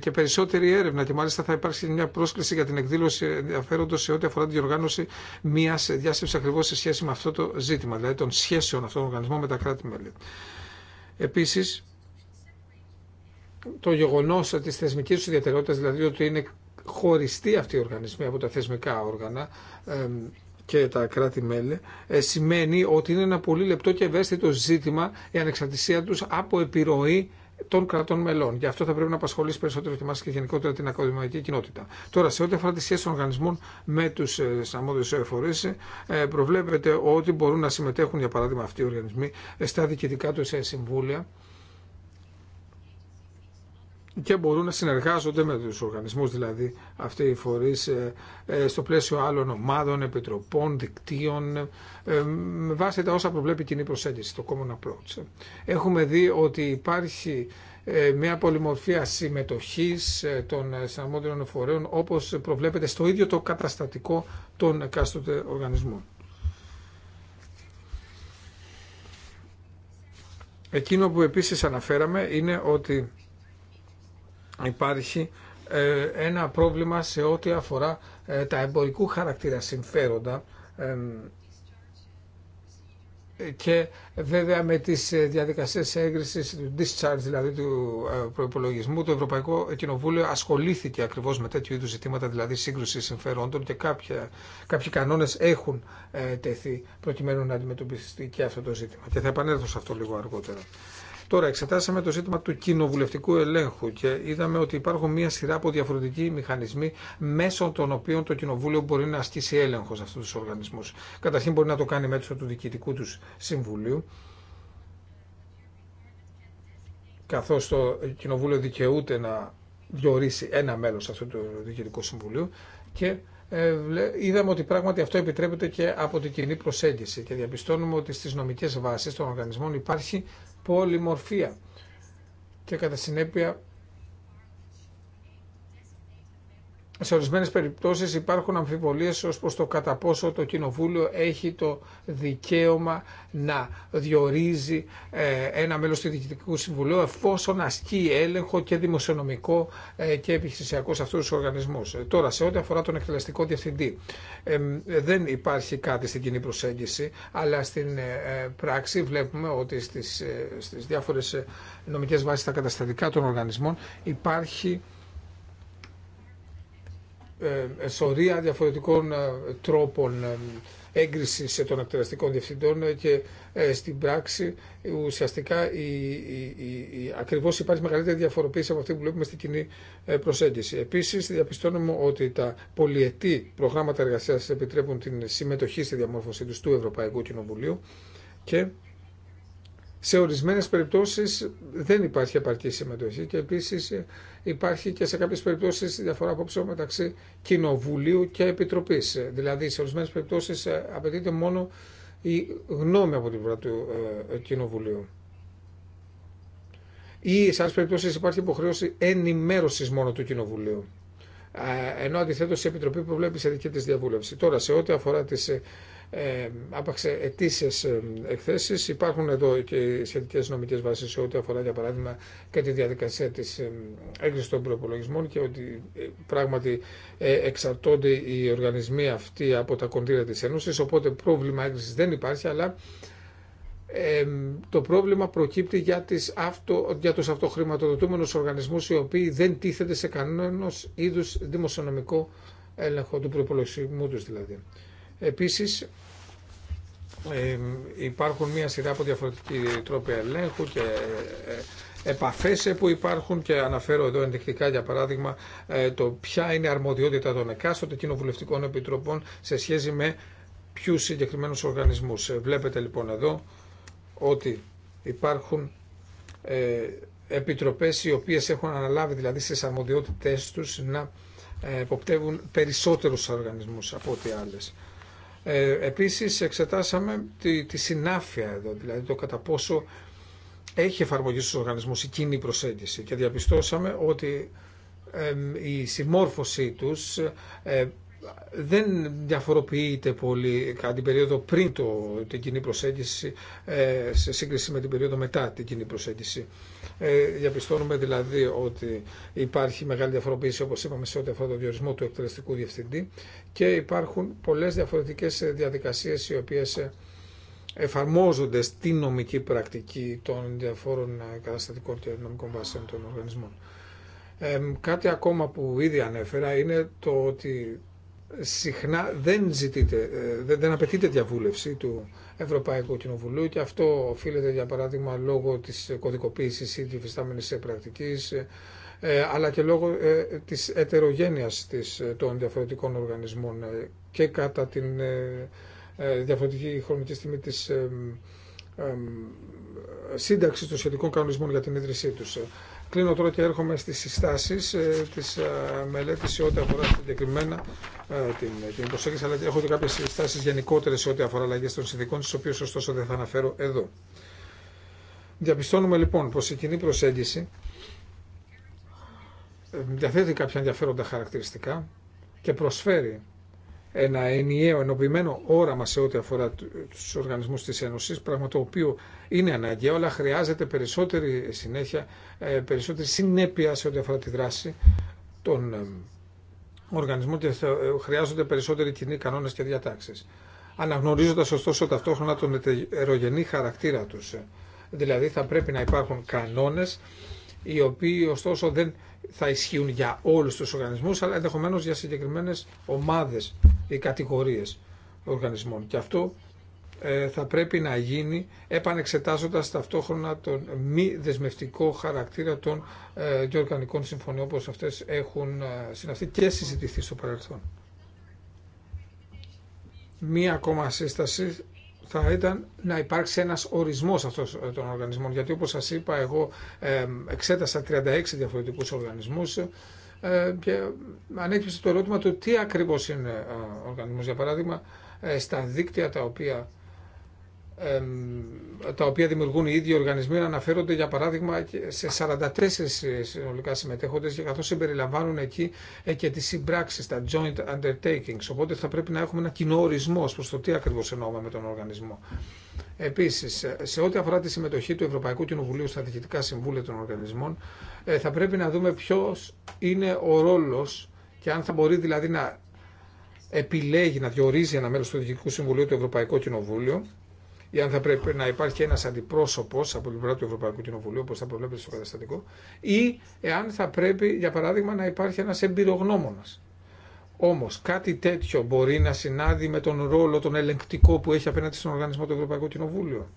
και περισσότερη έρευνα και μάλιστα θα υπάρξει μια πρόσκληση για την εκδήλωση ενδιαφέροντος σε ό,τι αφορά την διοργάνωση μιας διάσκεψης ακριβώς σε σχέση με αυτό το ζήτημα, δηλαδή των σχέσεων αυτών των οργανισμών με τα κράτη-μέλη. Επίσης, το γεγονό τη θεσμική του ιδιαιτερότητα, δηλαδή ότι είναι χωριστεί αυτοί οι οργανισμοί από τα θεσμικά όργανα και τα κράτη-μέλη, ε, σημαίνει ότι είναι ένα πολύ λεπτό και ευαίσθητο ζήτημα η ανεξαρτησία τους από επιρροή των κρατών μελών. Γι' αυτό θα πρέπει να απασχολήσει περισσότερο και εμά και γενικότερα την ακαδημαϊκή κοινότητα. Τώρα, σε ό,τι αφορά τι σχέσει των οργανισμών με του ε, συναμόδιου ε, φορεί, προβλέπεται ότι μπορούν να συμμετέχουν, για παράδειγμα, αυτοί οι οργανισμοί στα διοικητικά του συμβούλια και μπορούν να συνεργάζονται με τους οργανισμούς δηλαδή αυτοί οι φορείς ε, ε, στο πλαίσιο άλλων ομάδων, επιτροπών, δικτύων ε, με βάση τα όσα προβλέπει η κοινή προσέγγιση, το common approach. Έχουμε δει ότι υπάρχει μια πολυμορφία συμμετοχής των συναρμόδιων φορέων όπως προβλέπεται στο ίδιο το καταστατικό των εκάστοτε οργανισμών. Εκείνο που επίσης αναφέραμε είναι ότι υπάρχει ε, ένα πρόβλημα σε ό,τι αφορά ε, τα εμπορικού χαρακτήρα συμφέροντα και βέβαια με τις ε, διαδικασίες έγκρισης του discharge, δηλαδή του προϋπολογισμού, το Ευρωπαϊκό Κοινοβούλιο ασχολήθηκε ακριβώς με τέτοιου είδους ζητήματα, δηλαδή σύγκρουση συμφερόντων και κάποια, κάποιοι κανόνες έχουν τεθεί προκειμένου να αντιμετωπιστεί και αυτό το ζήτημα. Και θα επανέλθω σε αυτό λίγο αργότερα. Τώρα, εξετάσαμε το ζήτημα του κοινοβουλευτικού ελέγχου και είδαμε ότι υπάρχουν μία σειρά από διαφορετικοί μηχανισμοί μέσω των οποίων το κοινοβούλιο μπορεί να ασκήσει έλεγχο σε αυτού του οργανισμού. Καταρχήν, μπορεί να το κάνει μέσω του διοικητικού του συμβουλίου, καθώ το κοινοβούλιο δικαιούται να διορίσει ένα μέλο αυτού του διοικητικού συμβουλίου και ε, είδαμε ότι πράγματι αυτό επιτρέπεται και από την κοινή προσέγγιση και διαπιστώνουμε ότι στις νομικές βάσεις των οργανισμών υπάρχει πολυμορφία και κατά συνέπεια σε ορισμένε περιπτώσει υπάρχουν αμφιβολίε ω προ το κατά πόσο το Κοινοβούλιο έχει το δικαίωμα να διορίζει ε, ένα μέλο του Διοικητικού Συμβουλίου εφόσον ασκεί έλεγχο και δημοσιονομικό ε, και επιχειρησιακό σε αυτού του οργανισμού. Ε, τώρα, σε ό,τι αφορά τον εκτελεστικό διευθυντή, δεν υπάρχει κάτι στην κοινή προσέγγιση, αλλά στην πράξη βλέπουμε ότι στι διάφορε νομικέ βάσει στα καταστατικά των οργανισμών υπάρχει ε, σωρία διαφορετικών ε, τρόπων ε, έγκριση των εκτελεστικών διευθυντών και στην πράξη ουσιαστικά η, η, ακριβώς υπάρχει μεγαλύτερη διαφοροποίηση από αυτή που βλέπουμε στην κοινή προσέγγιση. Επίσης διαπιστώνουμε ότι τα πολυετή προγράμματα εργασίας επιτρέπουν την συμμετοχή στη διαμόρφωση του Ευρωπαϊκού Κοινοβουλίου και σε ορισμένες περιπτώσεις δεν υπάρχει επαρκή συμμετοχή και επίσης ε, υπάρχει και σε κάποιες περιπτώσεις διαφορά απόψεων μεταξύ Κοινοβουλίου και Επιτροπής. Ε, δηλαδή σε ορισμένες περιπτώσεις ε, απαιτείται μόνο η γνώμη από την πλευρά του Κοινοβουλίου. Ή σε άλλε περιπτώσει υπάρχει υποχρέωση ενημέρωση μόνο του Κοινοβουλίου. Ενώ αντιθέτω η Επιτροπή προβλέπει σε αλλες περιπτωσεις υπαρχει υποχρεωση τη διαβούλευση. Τώρα, σε ό,τι αφορά ε, άπαξε ετήσιες ε, εκθέσεις. Υπάρχουν εδώ και σχετικές νομικές βάσεις σε ό,τι αφορά για παράδειγμα και τη διαδικασία της ε, έγκρισης των προπολογισμών και ότι ε, πράγματι εξαρτώνται οι οργανισμοί αυτοί από τα κονδύλια της Ένωσης, οπότε πρόβλημα έγκρισης δεν υπάρχει, αλλά ε, το πρόβλημα προκύπτει για, τις αυτο, για τους αυτοχρηματοδοτούμενους οργανισμούς οι οποίοι δεν τίθεται σε κανένα είδους δημοσιονομικό έλεγχο του προπολογισμού τους δηλαδή. Επίσης υπάρχουν μια σειρά από διαφορετικοί τρόποι ελέγχου και ε, ε, επαφές που υπάρχουν και αναφέρω εδώ ενδεικτικά για παράδειγμα ε, το ποια είναι αρμοδιότητα των εκάστοτε κοινοβουλευτικών επιτροπών σε σχέση με ποιου συγκεκριμένου οργανισμούς. Βλέπετε λοιπόν εδώ ότι υπάρχουν επιτροπές οι οποίες έχουν αναλάβει δηλαδή στις αρμοδιότητες τους να εποπτεύουν περισσότερους οργανισμούς από ό,τι άλλες. Ε, επίσης εξετάσαμε τη, τη συνάφεια εδώ, δηλαδή το κατά πόσο έχει εφαρμογή στους οργανισμούς η κοινή προσέγγιση και διαπιστώσαμε ότι η συμμόρφωσή τους ε, δεν διαφοροποιείται πολύ κατά την περίοδο πριν το, την κοινή προσέγγιση ε, σε σύγκριση με την περίοδο μετά την κοινή προσέγγιση. Ε, διαπιστώνουμε δηλαδή ότι υπάρχει μεγάλη διαφοροποίηση όπως είπαμε σε ό,τι αφορά το διορισμό του εκτελεστικού διευθυντή και υπάρχουν πολλές διαφορετικές διαδικασίες οι οποίες εφαρμόζονται στην νομική πρακτική των διαφόρων καταστατικών και νομικών βάσεων των οργανισμών. Ε, κάτι ακόμα που ήδη ανέφερα είναι το ότι συχνά δεν ζητείτε, ε, δεν απαιτείται διαβούλευση του Ευρωπαϊκού Κοινοβουλίου και αυτό οφείλεται για παράδειγμα λόγω της κωδικοποίησης ή της φυστάμενης πρακτικής ε, ε, αλλά και λόγω της ετερογένειας της, των διαφορετικών οργανισμών και κατά την διαφορετική χρονική στιγμή της σύνταξη των σχετικών κανονισμών για την ίδρυσή τους. Κλείνω τώρα και έρχομαι στις συστάσεις ε, της ε, μελέτης σε ό,τι αφορά συγκεκριμένα ε, την, την προσέγγιση, αλλά έχω και κάποιες συστάσεις γενικότερες σε ό,τι αφορά αλλαγέ των συνδικών, τις οποίες ωστόσο δεν θα αναφέρω εδώ. Διαπιστώνουμε λοιπόν πως η κοινή προσέγγιση διαθέτει κάποια ενδιαφέροντα χαρακτηριστικά και προσφέρει ένα ενιαίο, ενωπημένο όραμα σε ό,τι αφορά τους οργανισμούς της Ένωσης, πράγμα το οποίο είναι αναγκαίο, αλλά χρειάζεται περισσότερη συνέχεια, ε, περισσότερη συνέπεια σε ό,τι αφορά τη δράση των ε, οργανισμών και ε, χρειάζονται περισσότεροι κοινοί κανόνες και διατάξεις. Αναγνωρίζοντας ωστόσο ταυτόχρονα τον ετερογενή χαρακτήρα τους. Δηλαδή θα πρέπει να υπάρχουν κανόνες οι οποίοι ωστόσο δεν θα ισχύουν για όλους τους οργανισμούς αλλά ενδεχομένω για συγκεκριμένες ομάδες οι κατηγορίες οργανισμών. Και αυτό ε, θα πρέπει να γίνει επανεξετάζοντας ταυτόχρονα τον μη δεσμευτικό χαρακτήρα των διοργανικών ε, συμφωνιών όπως αυτές έχουν ε, συναυθεί και συζητηθεί στο παρελθόν. Μία ακόμα σύσταση θα ήταν να υπάρξει ένας ορισμός αυτών των οργανισμών γιατί όπως σας είπα εγώ εξέτασα 36 διαφορετικούς οργανισμούς ε, και ανέκυψε το ερώτημα του τι ακριβώς είναι ε, ο οργανισμός. Για παράδειγμα, ε, στα δίκτυα τα οποία τα οποία δημιουργούν οι ίδιοι οργανισμοί αναφέρονται για παράδειγμα σε 44 συνολικά συμμετέχοντες και καθώς συμπεριλαμβάνουν εκεί και τις συμπράξεις, τα joint undertakings οπότε θα πρέπει να έχουμε ένα κοινό ορισμό προς το τι ακριβώς εννοούμε με τον οργανισμό. Επίση, σε ό,τι αφορά τη συμμετοχή του Ευρωπαϊκού Κοινοβουλίου στα διοικητικά συμβούλια των οργανισμών, ε, θα πρέπει να δούμε ποιο είναι ο ρόλο και αν θα μπορεί δηλαδή να επιλέγει, να διορίζει ένα μέλο του Διοικητικού Συμβουλίου του Ευρωπαϊκού Κοινοβούλιο ή αν θα πρέπει να υπάρχει ένα αντιπρόσωπο από την πλευρά του Ευρωπαϊκού Κοινοβουλίου, όπω θα προβλέπετε στο καταστατικό, ή εάν θα πρέπει, για παράδειγμα, να υπάρχει ένα εμπειρογνώμονα όμως κάτι τέτοιο μπορεί να συνάδει με τον ρόλο τον ελεγκτικό που έχει απέναντι στον οργανισμό του Ευρωπαϊκού Κοινοβούλιο.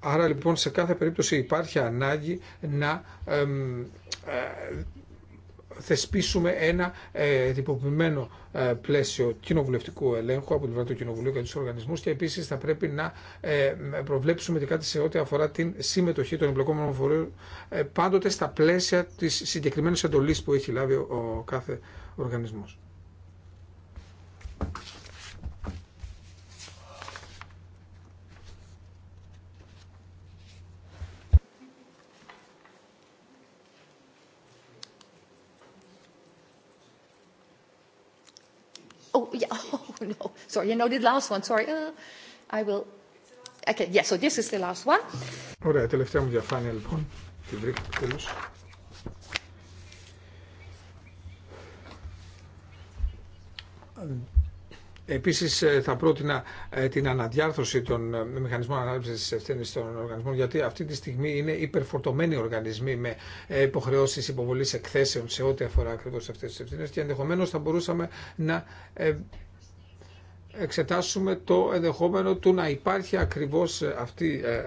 Άρα λοιπόν σε κάθε περίπτωση υπάρχει ανάγκη να ε, θεσπίσουμε ένα ε, ε, πλαίσιο κοινοβουλευτικού ελέγχου από την πλευρά του Κοινοβουλίου και του οργανισμού και επίση θα πρέπει να ε, προβλέψουμε και κάτι σε ό,τι αφορά την συμμετοχή των εμπλεκόμενων φορέων ε, πάντοτε στα πλαίσια τη συγκεκριμένη εντολή που έχει λάβει ο, ο κάθε οργανισμό. know, last one, sorry. Uh, I will... Okay, so this is the last one. Ωραία, τελευταία μου διαφάνεια λοιπόν. Τη Επίσης ε, θα πρότεινα ε, την αναδιάρθρωση των ε, μηχανισμών ανάπτυξη τη ευθύνης των οργανισμών γιατί αυτή τη στιγμή είναι υπερφορτωμένοι οργανισμοί με υποχρεώσει υποβολή εκθέσεων σε ό,τι αφορά ακριβώ αυτέ τι ευθύνε. και ενδεχομένω θα μπορούσαμε να εξετάσουμε το ενδεχόμενο του να υπάρχει ακριβώς ε, αυτή, ε, ε,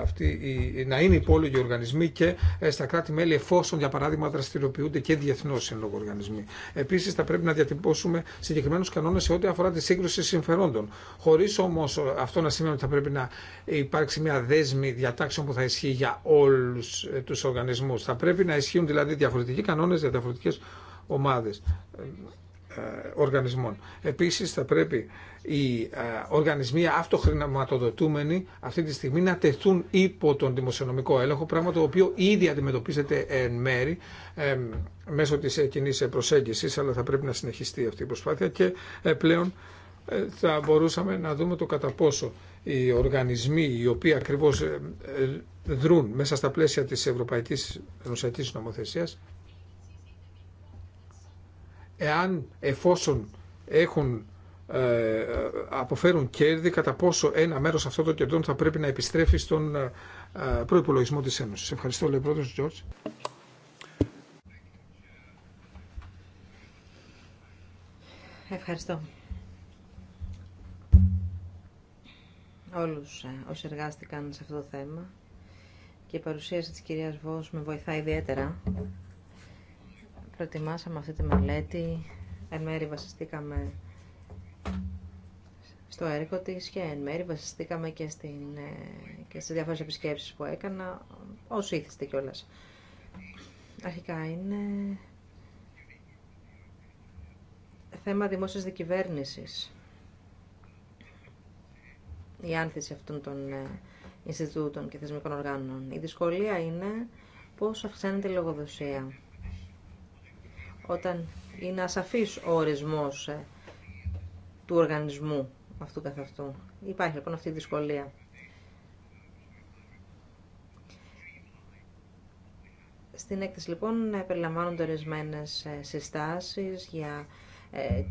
αυτή να είναι υπόλογοι οργανισμοί και στα κράτη-μέλη εφόσον για παράδειγμα δραστηριοποιούνται και διεθνώς εν οργανισμοί. Επίσης θα πρέπει να διατυπώσουμε συγκεκριμένους κανόνες σε ό,τι αφορά τη σύγκρουση συμφερόντων. Χωρίς όμως αυτό να σημαίνει ότι θα πρέπει να υπάρξει μια δέσμη διατάξεων που θα ισχύει για όλους τους οργανισμούς. Θα πρέπει να ισχύουν δηλαδή διαφορετικοί κανόνες για διαφορετικές ομάδες. Ε, οργανισμών. Επίσης θα πρέπει οι ε, οργανισμοί αυτοχρηματοδοτούμενοι αυτή τη στιγμή να τεθούν υπό τον δημοσιονομικό έλεγχο, πράγμα το οποίο ήδη αντιμετωπίζεται εν μέρη ε, μέσω της κοινή προσέγγισης, αλλά θα πρέπει να συνεχιστεί αυτή η προσπάθεια και πλέον θα μπορούσαμε να δούμε το κατά πόσο οι οργανισμοί οι οποίοι ακριβώς δρούν μέσα στα πλαίσια της Ευρωπαϊκής Ενωσιακής Νομοθεσίας εάν εφόσον έχουν ε, αποφέρουν κέρδη κατά πόσο ένα μέρος αυτών των κερδών θα πρέπει να επιστρέφει στον ε, ε προϋπολογισμό της Ένωσης. Ευχαριστώ, λέει πρόεδρος Γιώργης. Ευχαριστώ. Όλους ε, όσοι εργάστηκαν σε αυτό το θέμα και η παρουσίαση της κυρίας Βός με βοηθά ιδιαίτερα Προετοιμάσαμε αυτή τη μελέτη, εν μέρη βασιστήκαμε στο έργο της και εν μέρη βασιστήκαμε και, στην, ε, και στις διάφορες επισκέψεις που έκανα, όσο ήθιστε κιόλα. Αρχικά είναι θέμα δημόσιας δικυβέρνησης η άνθηση αυτών των ε, Ινστιτούτων και θεσμικών οργάνων. Η δυσκολία είναι πώς αυξάνεται η λογοδοσία όταν είναι ασαφής ο ορισμός ε, του οργανισμού αυτού καθ' αυτού. Υπάρχει λοιπόν αυτή η δυσκολία. Στην έκθεση λοιπόν ε, περιλαμβάνονται ορισμένε ε, συστάσεις για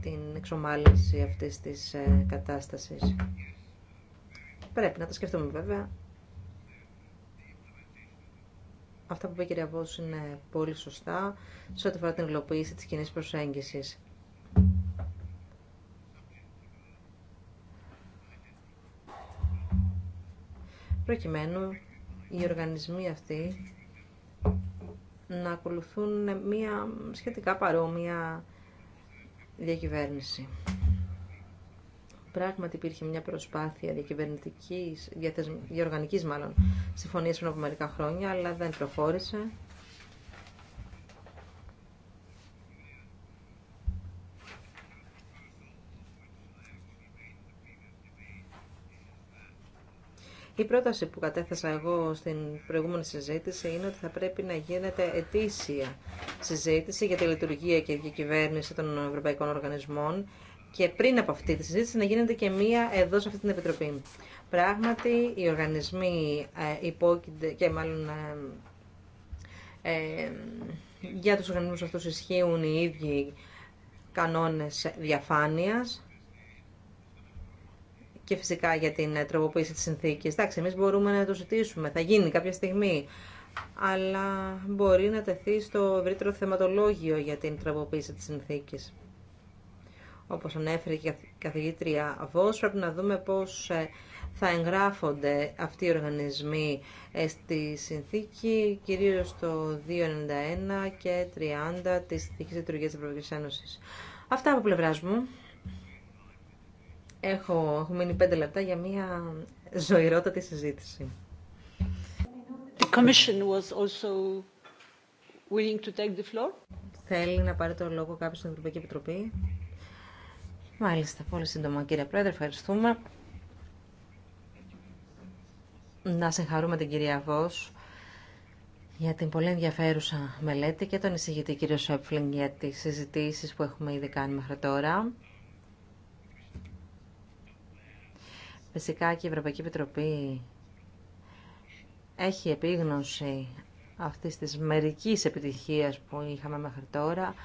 την εξομάλυνση αυτής της κατάστασης. Πρέπει να τα σκεφτούμε βέβαια Αυτά που είπε η κυρία είναι πολύ σωστά σε ό,τι αφορά την υλοποίηση της κοινή προσέγγισης. Προκειμένου οι οργανισμοί αυτοί να ακολουθούν μια σχετικά παρόμοια διακυβέρνηση πράγματι υπήρχε μια προσπάθεια διακυβερνητικής, διοργανικής μάλλον, συμφωνίας πριν από μερικά χρόνια, αλλά δεν προχώρησε. Η πρόταση που κατέθεσα εγώ στην προηγούμενη συζήτηση είναι ότι θα πρέπει να γίνεται ετήσια συζήτηση για τη λειτουργία και διακυβέρνηση των ευρωπαϊκών οργανισμών και πριν από αυτή τη συζήτηση να γίνεται και μία εδώ σε αυτή την Επιτροπή. Πράγματι, οι οργανισμοί ε, υπόκεινται και μάλλον ε, ε, για τους οργανισμούς αυτούς ισχύουν οι ίδιοι κανόνες διαφάνειας και φυσικά για την τροποποίηση της συνθήκης. Εντάξει, εμείς μπορούμε να το ζητήσουμε, θα γίνει κάποια στιγμή, αλλά μπορεί να τεθεί στο ευρύτερο θεματολόγιο για την τροποποίηση της συνθήκης όπως ανέφερε η καθηγήτρια Βός, πρέπει να δούμε πώς ε, θα εγγράφονται αυτοί οι οργανισμοί ε, στη συνθήκη, κυρίως το 291 και 30 της Συνθήκης Λειτουργίας της Ευρωπαϊκής Ένωσης. Αυτά από πλευρά μου. Έχω, έχω μείνει πέντε λεπτά για μια ζωηρότατη συζήτηση. The Commission was also willing to take the floor. Θέλει να πάρει το λόγο κάποιος στην Ευρωπαϊκή Επιτροπή. Μάλιστα, πολύ σύντομα κύριε Πρόεδρε, ευχαριστούμε. Να συγχαρούμε την κυρία Βός για την πολύ ενδιαφέρουσα μελέτη και τον εισηγητή κύριο Σόπφλινγκ για τις συζητήσεις που έχουμε ήδη κάνει μέχρι τώρα. Φυσικά και η Ευρωπαϊκή Επιτροπή έχει επίγνωση αυτής της μερικής επιτυχίας που είχαμε μέχρι τώρα,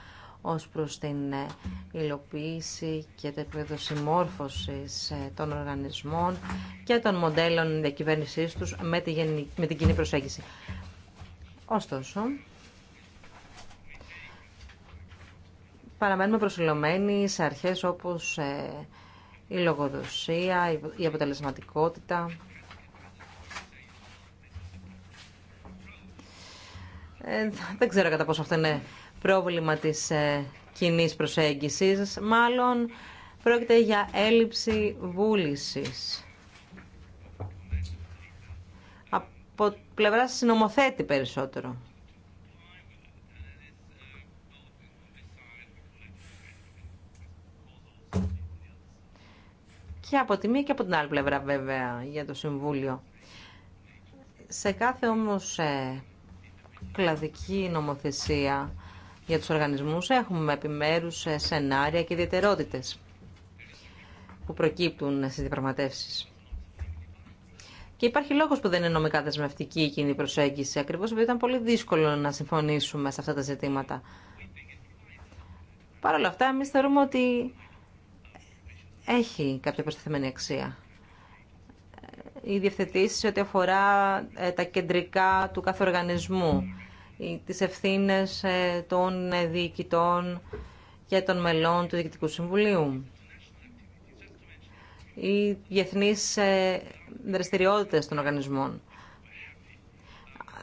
ως προς την ε, υλοποίηση και την επίπεδο ε, των οργανισμών και των μοντέλων διακυβέρνησής τους με, τη με την κοινή προσέγγιση. Ωστόσο, παραμένουμε προσιλωμένοι σε αρχές όπως ε, η λογοδοσία, η αποτελεσματικότητα, Ε, δεν ξέρω κατά πόσο αυτό είναι πρόβλημα της ε, κοινή προσέγγισης. Μάλλον πρόκειται για έλλειψη βούλησης. Από πλευρά συνομοθέτη περισσότερο. Και από τη μία και από την άλλη πλευρά βέβαια για το Συμβούλιο. Σε κάθε όμως ε, κλαδική νομοθεσία για τους οργανισμούς έχουμε επιμέρους ε, σενάρια και ιδιαιτερότητες που προκύπτουν στις διαπραγματεύσεις. Και υπάρχει λόγος που δεν είναι νομικά δεσμευτική η κοινή προσέγγιση, ακριβώς επειδή ήταν πολύ δύσκολο να συμφωνήσουμε σε αυτά τα ζητήματα. Παρ' όλα αυτά, εμείς θεωρούμε ότι έχει κάποια προστιθεμένη αξία. Ε, οι διευθετήσεις ό,τι αφορά ε, τα κεντρικά του κάθε οργανισμού τις ευθύνες ε, των διοικητών και των μελών του Διοικητικού Συμβουλίου. Οι διεθνείς ε, δραστηριότητες των οργανισμών.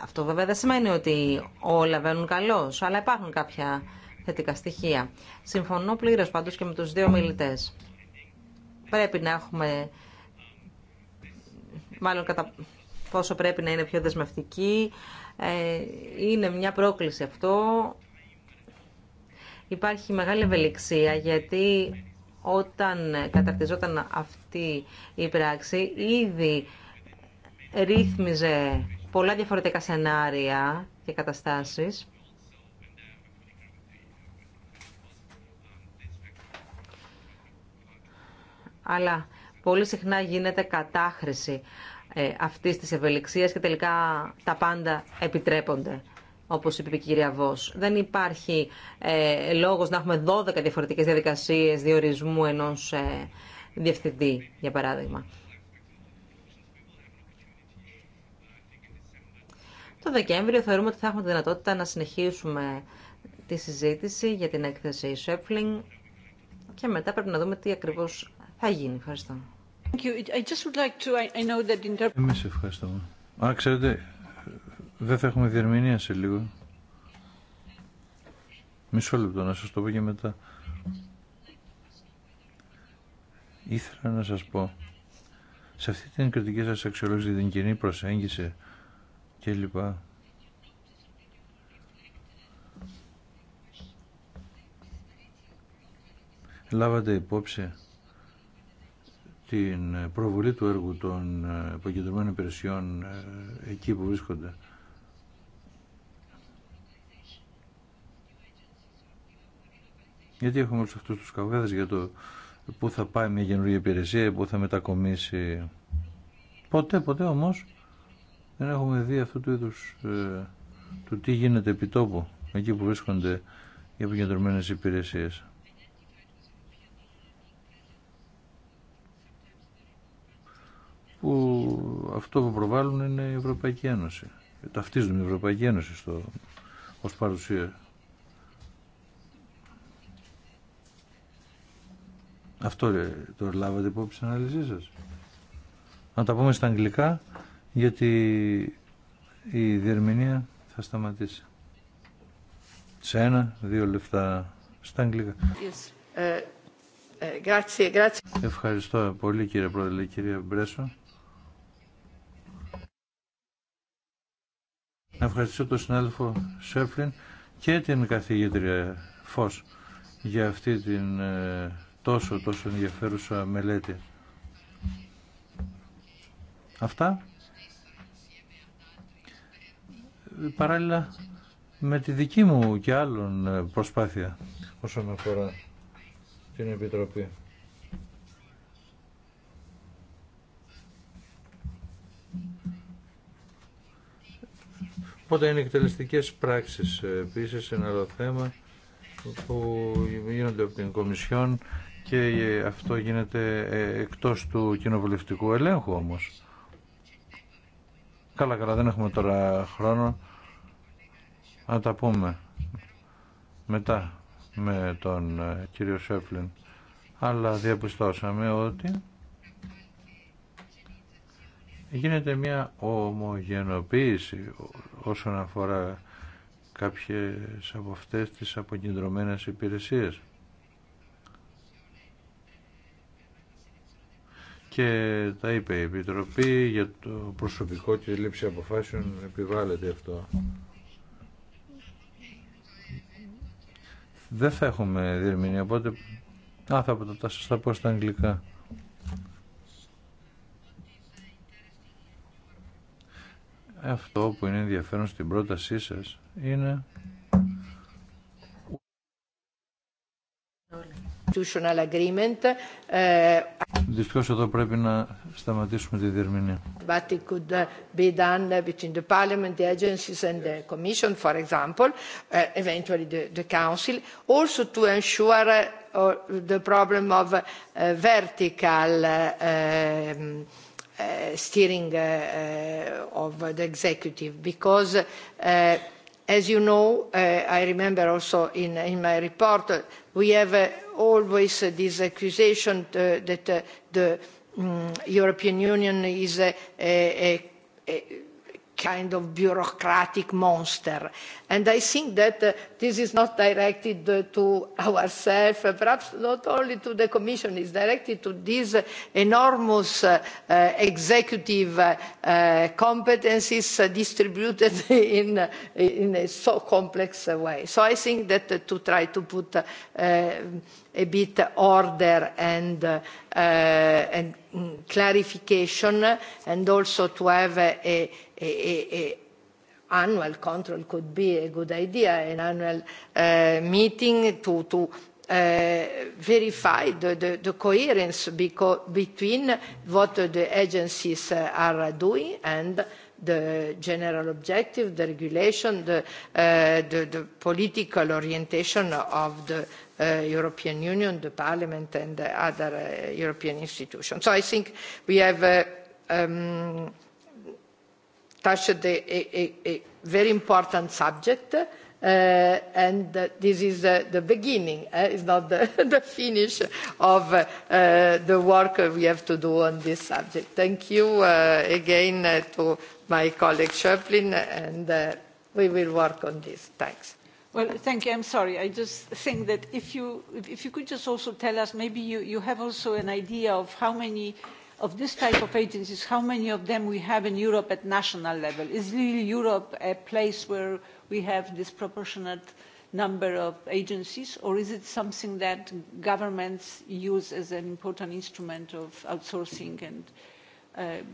Αυτό βέβαια δεν σημαίνει ότι όλα βαίνουν καλώς, αλλά υπάρχουν κάποια θετικά στοιχεία. Συμφωνώ πλήρως πάντως και με τους δύο μιλητές. Πρέπει να έχουμε, μάλλον κατά πόσο πρέπει να είναι πιο δεσμευτική ε, είναι μια πρόκληση αυτό. Υπάρχει μεγάλη ευελιξία γιατί όταν καταρτιζόταν αυτή η πράξη ήδη ρύθμιζε πολλά διαφορετικά σενάρια και καταστάσεις. Αλλά πολύ συχνά γίνεται κατάχρηση ε, αυτής της ευελιξίας και τελικά τα πάντα επιτρέπονται όπως είπε η κυρία Βος. Δεν υπάρχει ε, λόγος να έχουμε 12 διαφορετικές διαδικασίες διορισμού ενός ε, διευθυντή, για παράδειγμα. Το Δεκέμβριο θεωρούμε ότι θα έχουμε τη δυνατότητα να συνεχίσουμε τη συζήτηση για την έκθεση Σέφλινγκ και μετά πρέπει να δούμε τι ακριβώς θα γίνει. Ευχαριστώ. Εμείς ευχαριστούμε. Α, ξέρετε, δεν θα έχουμε διερμηνία σε λίγο. Μισό λεπτό να σας το πω και μετά. Ήθελα να σας πω, σε αυτή την κριτική σας αξιολόγηση, την κοινή προσέγγιση κλπ. Λάβατε υπόψη την προβολή του έργου των αποκεντρωμένων ε, υπηρεσιών ε, εκεί που βρίσκονται. Γιατί έχουμε όλους αυτούς τους καυγάδες για το πού θα πάει μια καινούργια υπηρεσία, πού θα μετακομίσει. Ποτέ, ποτέ όμως δεν έχουμε δει αυτού του είδους ε, του τι γίνεται επί τόπου, εκεί που βρίσκονται οι επικεντρωμένες υπηρεσίες. που αυτό που προβάλλουν είναι η Ευρωπαϊκή Ένωση. Ταυτίζουν η Ευρωπαϊκή Ένωση στο, ως παρουσία. Αυτό ε, το λάβατε υπόψη στην ανάλυση σας. Να τα πούμε στα αγγλικά γιατί η διερμηνία θα σταματήσει. Σε ένα, δύο λεφτά στα αγγλικά. Ε, ε, Ευχαριστώ πολύ κύριε Πρόεδρε, κυρία Μπρέσο. Να ευχαριστήσω τον συνάδελφο Σέφλιν και την καθηγήτρια Φως για αυτή την ε, τόσο τόσο ενδιαφέρουσα μελέτη. Αυτά παράλληλα με τη δική μου και άλλων ε, προσπάθεια όσον αφορά την Επιτροπή. Οπότε είναι εκτελεστικέ πράξεις. Επίσης ένα άλλο θέμα που γίνονται από την Κομισιόν και αυτό γίνεται ε, εκτός του κοινοβουλευτικού ελέγχου όμως. Καλά, καλά, δεν έχουμε τώρα χρόνο να τα πούμε μετά με τον ε, κύριο Σέφλιν. Αλλά διαπιστώσαμε ότι γίνεται μια ομογενοποίηση όσον αφορά κάποιες από αυτές τις αποκεντρωμένες υπηρεσίες. Και τα είπε η Επιτροπή για το προσωπικό και η λήψη αποφάσεων επιβάλλεται αυτό. Δεν θα έχουμε διερμηνία, οπότε... Α, θα, θα σας τα πω στα αγγλικά. Αυτό που είναι ενδιαφέρον στην πρότασή σας είναι Agreement. Δυστυχώς εδώ πρέπει να σταματήσουμε τη διερμηνία. But it could be done between the Parliament, the agencies and the Commission, for example, eventually the, the Council, also to ensure the problem of vertical steering of the executive because as you know i remember also in my report we have always this accusation that the european union is a kind of bureaucratic monster. And I think that this is not directed to ourselves, perhaps not only to the Commission, it's directed to these enormous executive competencies distributed in a so complex way. So I think that to try to put a bit order and clarification and also to have a annual control could be a good idea, an annual meeting to verify the coherence between what the agencies are doing and the general objective, the regulation, the political orientation of the European Union, the Parliament and the other European institutions. So I think we have touched a very important subject and this is the beginning, it's not the finish of the work we have to do on this subject. Thank you again to my colleague Schöpflin and we will work on this. Thanks. Well, thank you. I'm sorry. I just think that if you, if you could just also tell us, maybe you, you have also an idea of how many of this type of agencies, how many of them we have in Europe at national level. Is really Europe a place where we have disproportionate number of agencies, or is it something that governments use as an important instrument of outsourcing? And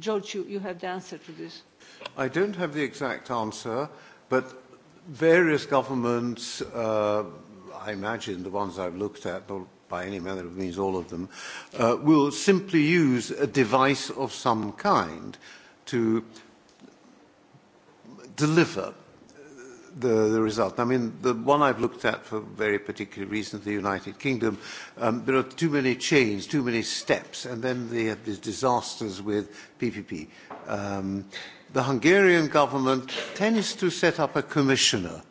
George, you, you have the answer to this. I don't have the exact answer, but various governments, uh, I imagine the ones I've looked at, not by any manner of means all of them, uh, will simply use a device of some kind to deliver the, the result. I mean, the one I've looked at for very particular reasons, the United Kingdom, um, there are too many chains, too many steps, and then they have these disasters with PPP. Um, the Hungarian government tends to set up a commissioner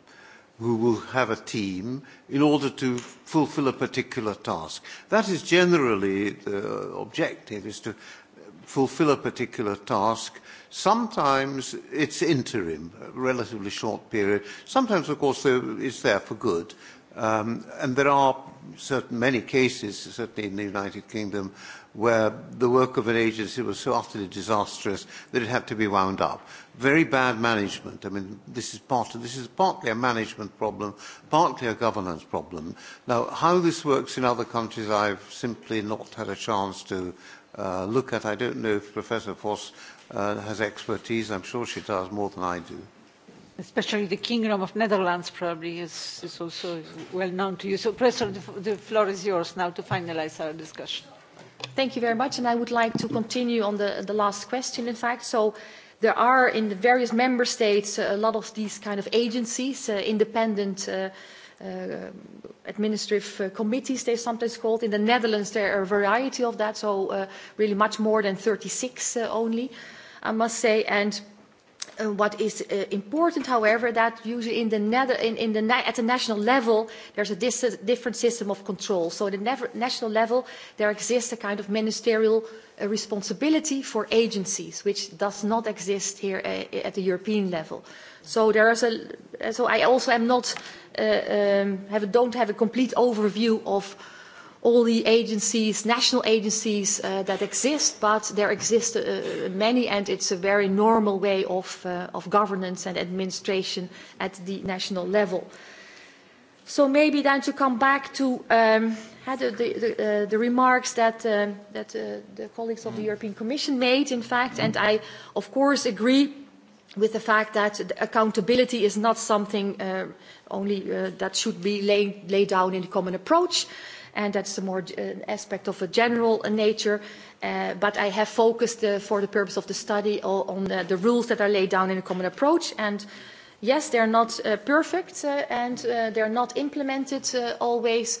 who will have a team in order to fulfill a particular task. That is generally the objective, is to fulfill a particular task. Sometimes it's interim, a relatively short period. Sometimes, of course, it's there for good. And there are certain many cases, certainly in the United Kingdom, where the work of an agency was so utterly disastrous that it had to be wound up. Very bad management. I mean, this is, part this is partly a management problem, partly a governance problem. Now, how this works in other countries, I've simply not had a chance to uh, look at. I don't know if Professor Foss uh, has expertise. I'm sure she does more than I do especially the Kingdom of Netherlands probably is, is also well known to you. So, Professor, the, floor is yours now to finalize our discussion. Thank you very much, and I would like to continue on the, the last question, in fact. So, there are in the various member states a lot of these kind of agencies, uh, independent uh, uh, administrative committees, they're sometimes called. In the Netherlands, there are a variety of that, so uh, really much more than 36 uh, only, I must say. And What is important, however, that usually in the at the national level is a different system of control. So at the national level there exists a kind of ministerial responsibility for agencies, which does not exist here at the European level. So there is a so I also am not have don't have a complete overview of all the agencies, national agencies that exist, but there exist many, and it's a very normal way of governance and administration at the national level. So maybe then to come back to the remarks that the colleagues of the European Commission made, in fact, and I, of course, agree with the fact that accountability is not something only that should be laid down in the common approach and that's a more aspect of a general nature. But I have focused for the purpose of the study on the the rules that are laid down in a common approach. And yes, they are not perfect and they are not implemented always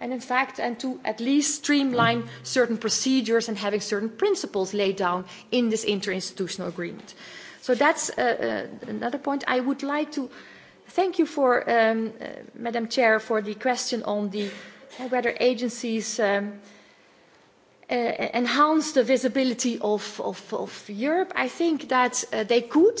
and in fact and to at least streamline certain procedures and having certain principles laid down in this interinstitutional agreement. So that's another point. I would like to thank you for, Madam Chair, for the question on the whether agencies enhance the visibility of Europe. I think that they could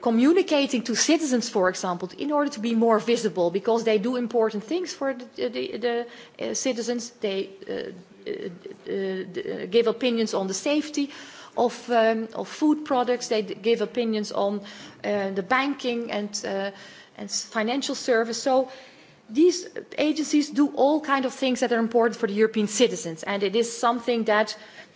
communicating to citizens, for example, in order to be more visible, because they do important things for the citizens. They give opinions on the safety of food products. They give opinions on the banking and financial service. So these agencies do all kinds of things that are important for the European citizens, and it is something that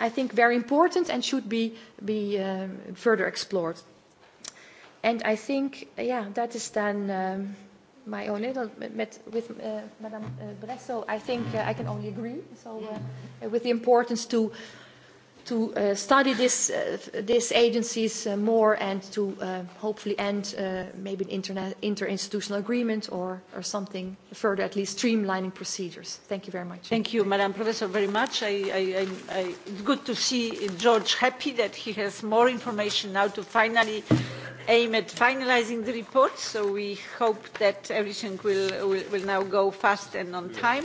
I think, very important and should be be further explored. And I think, yeah, that is then my own little with Madame Bresso. I think I can only agree. So with the importance to to study these agencies more and to hopefully end maybe an interinstitutional agreement or something further, at least streamlining procedures. Thank you very much. Thank you, Madam Professor, very much. It's good to see George happy that he has more information now to finally aim at finalising the report, so we hope that everything will now go fast and on time.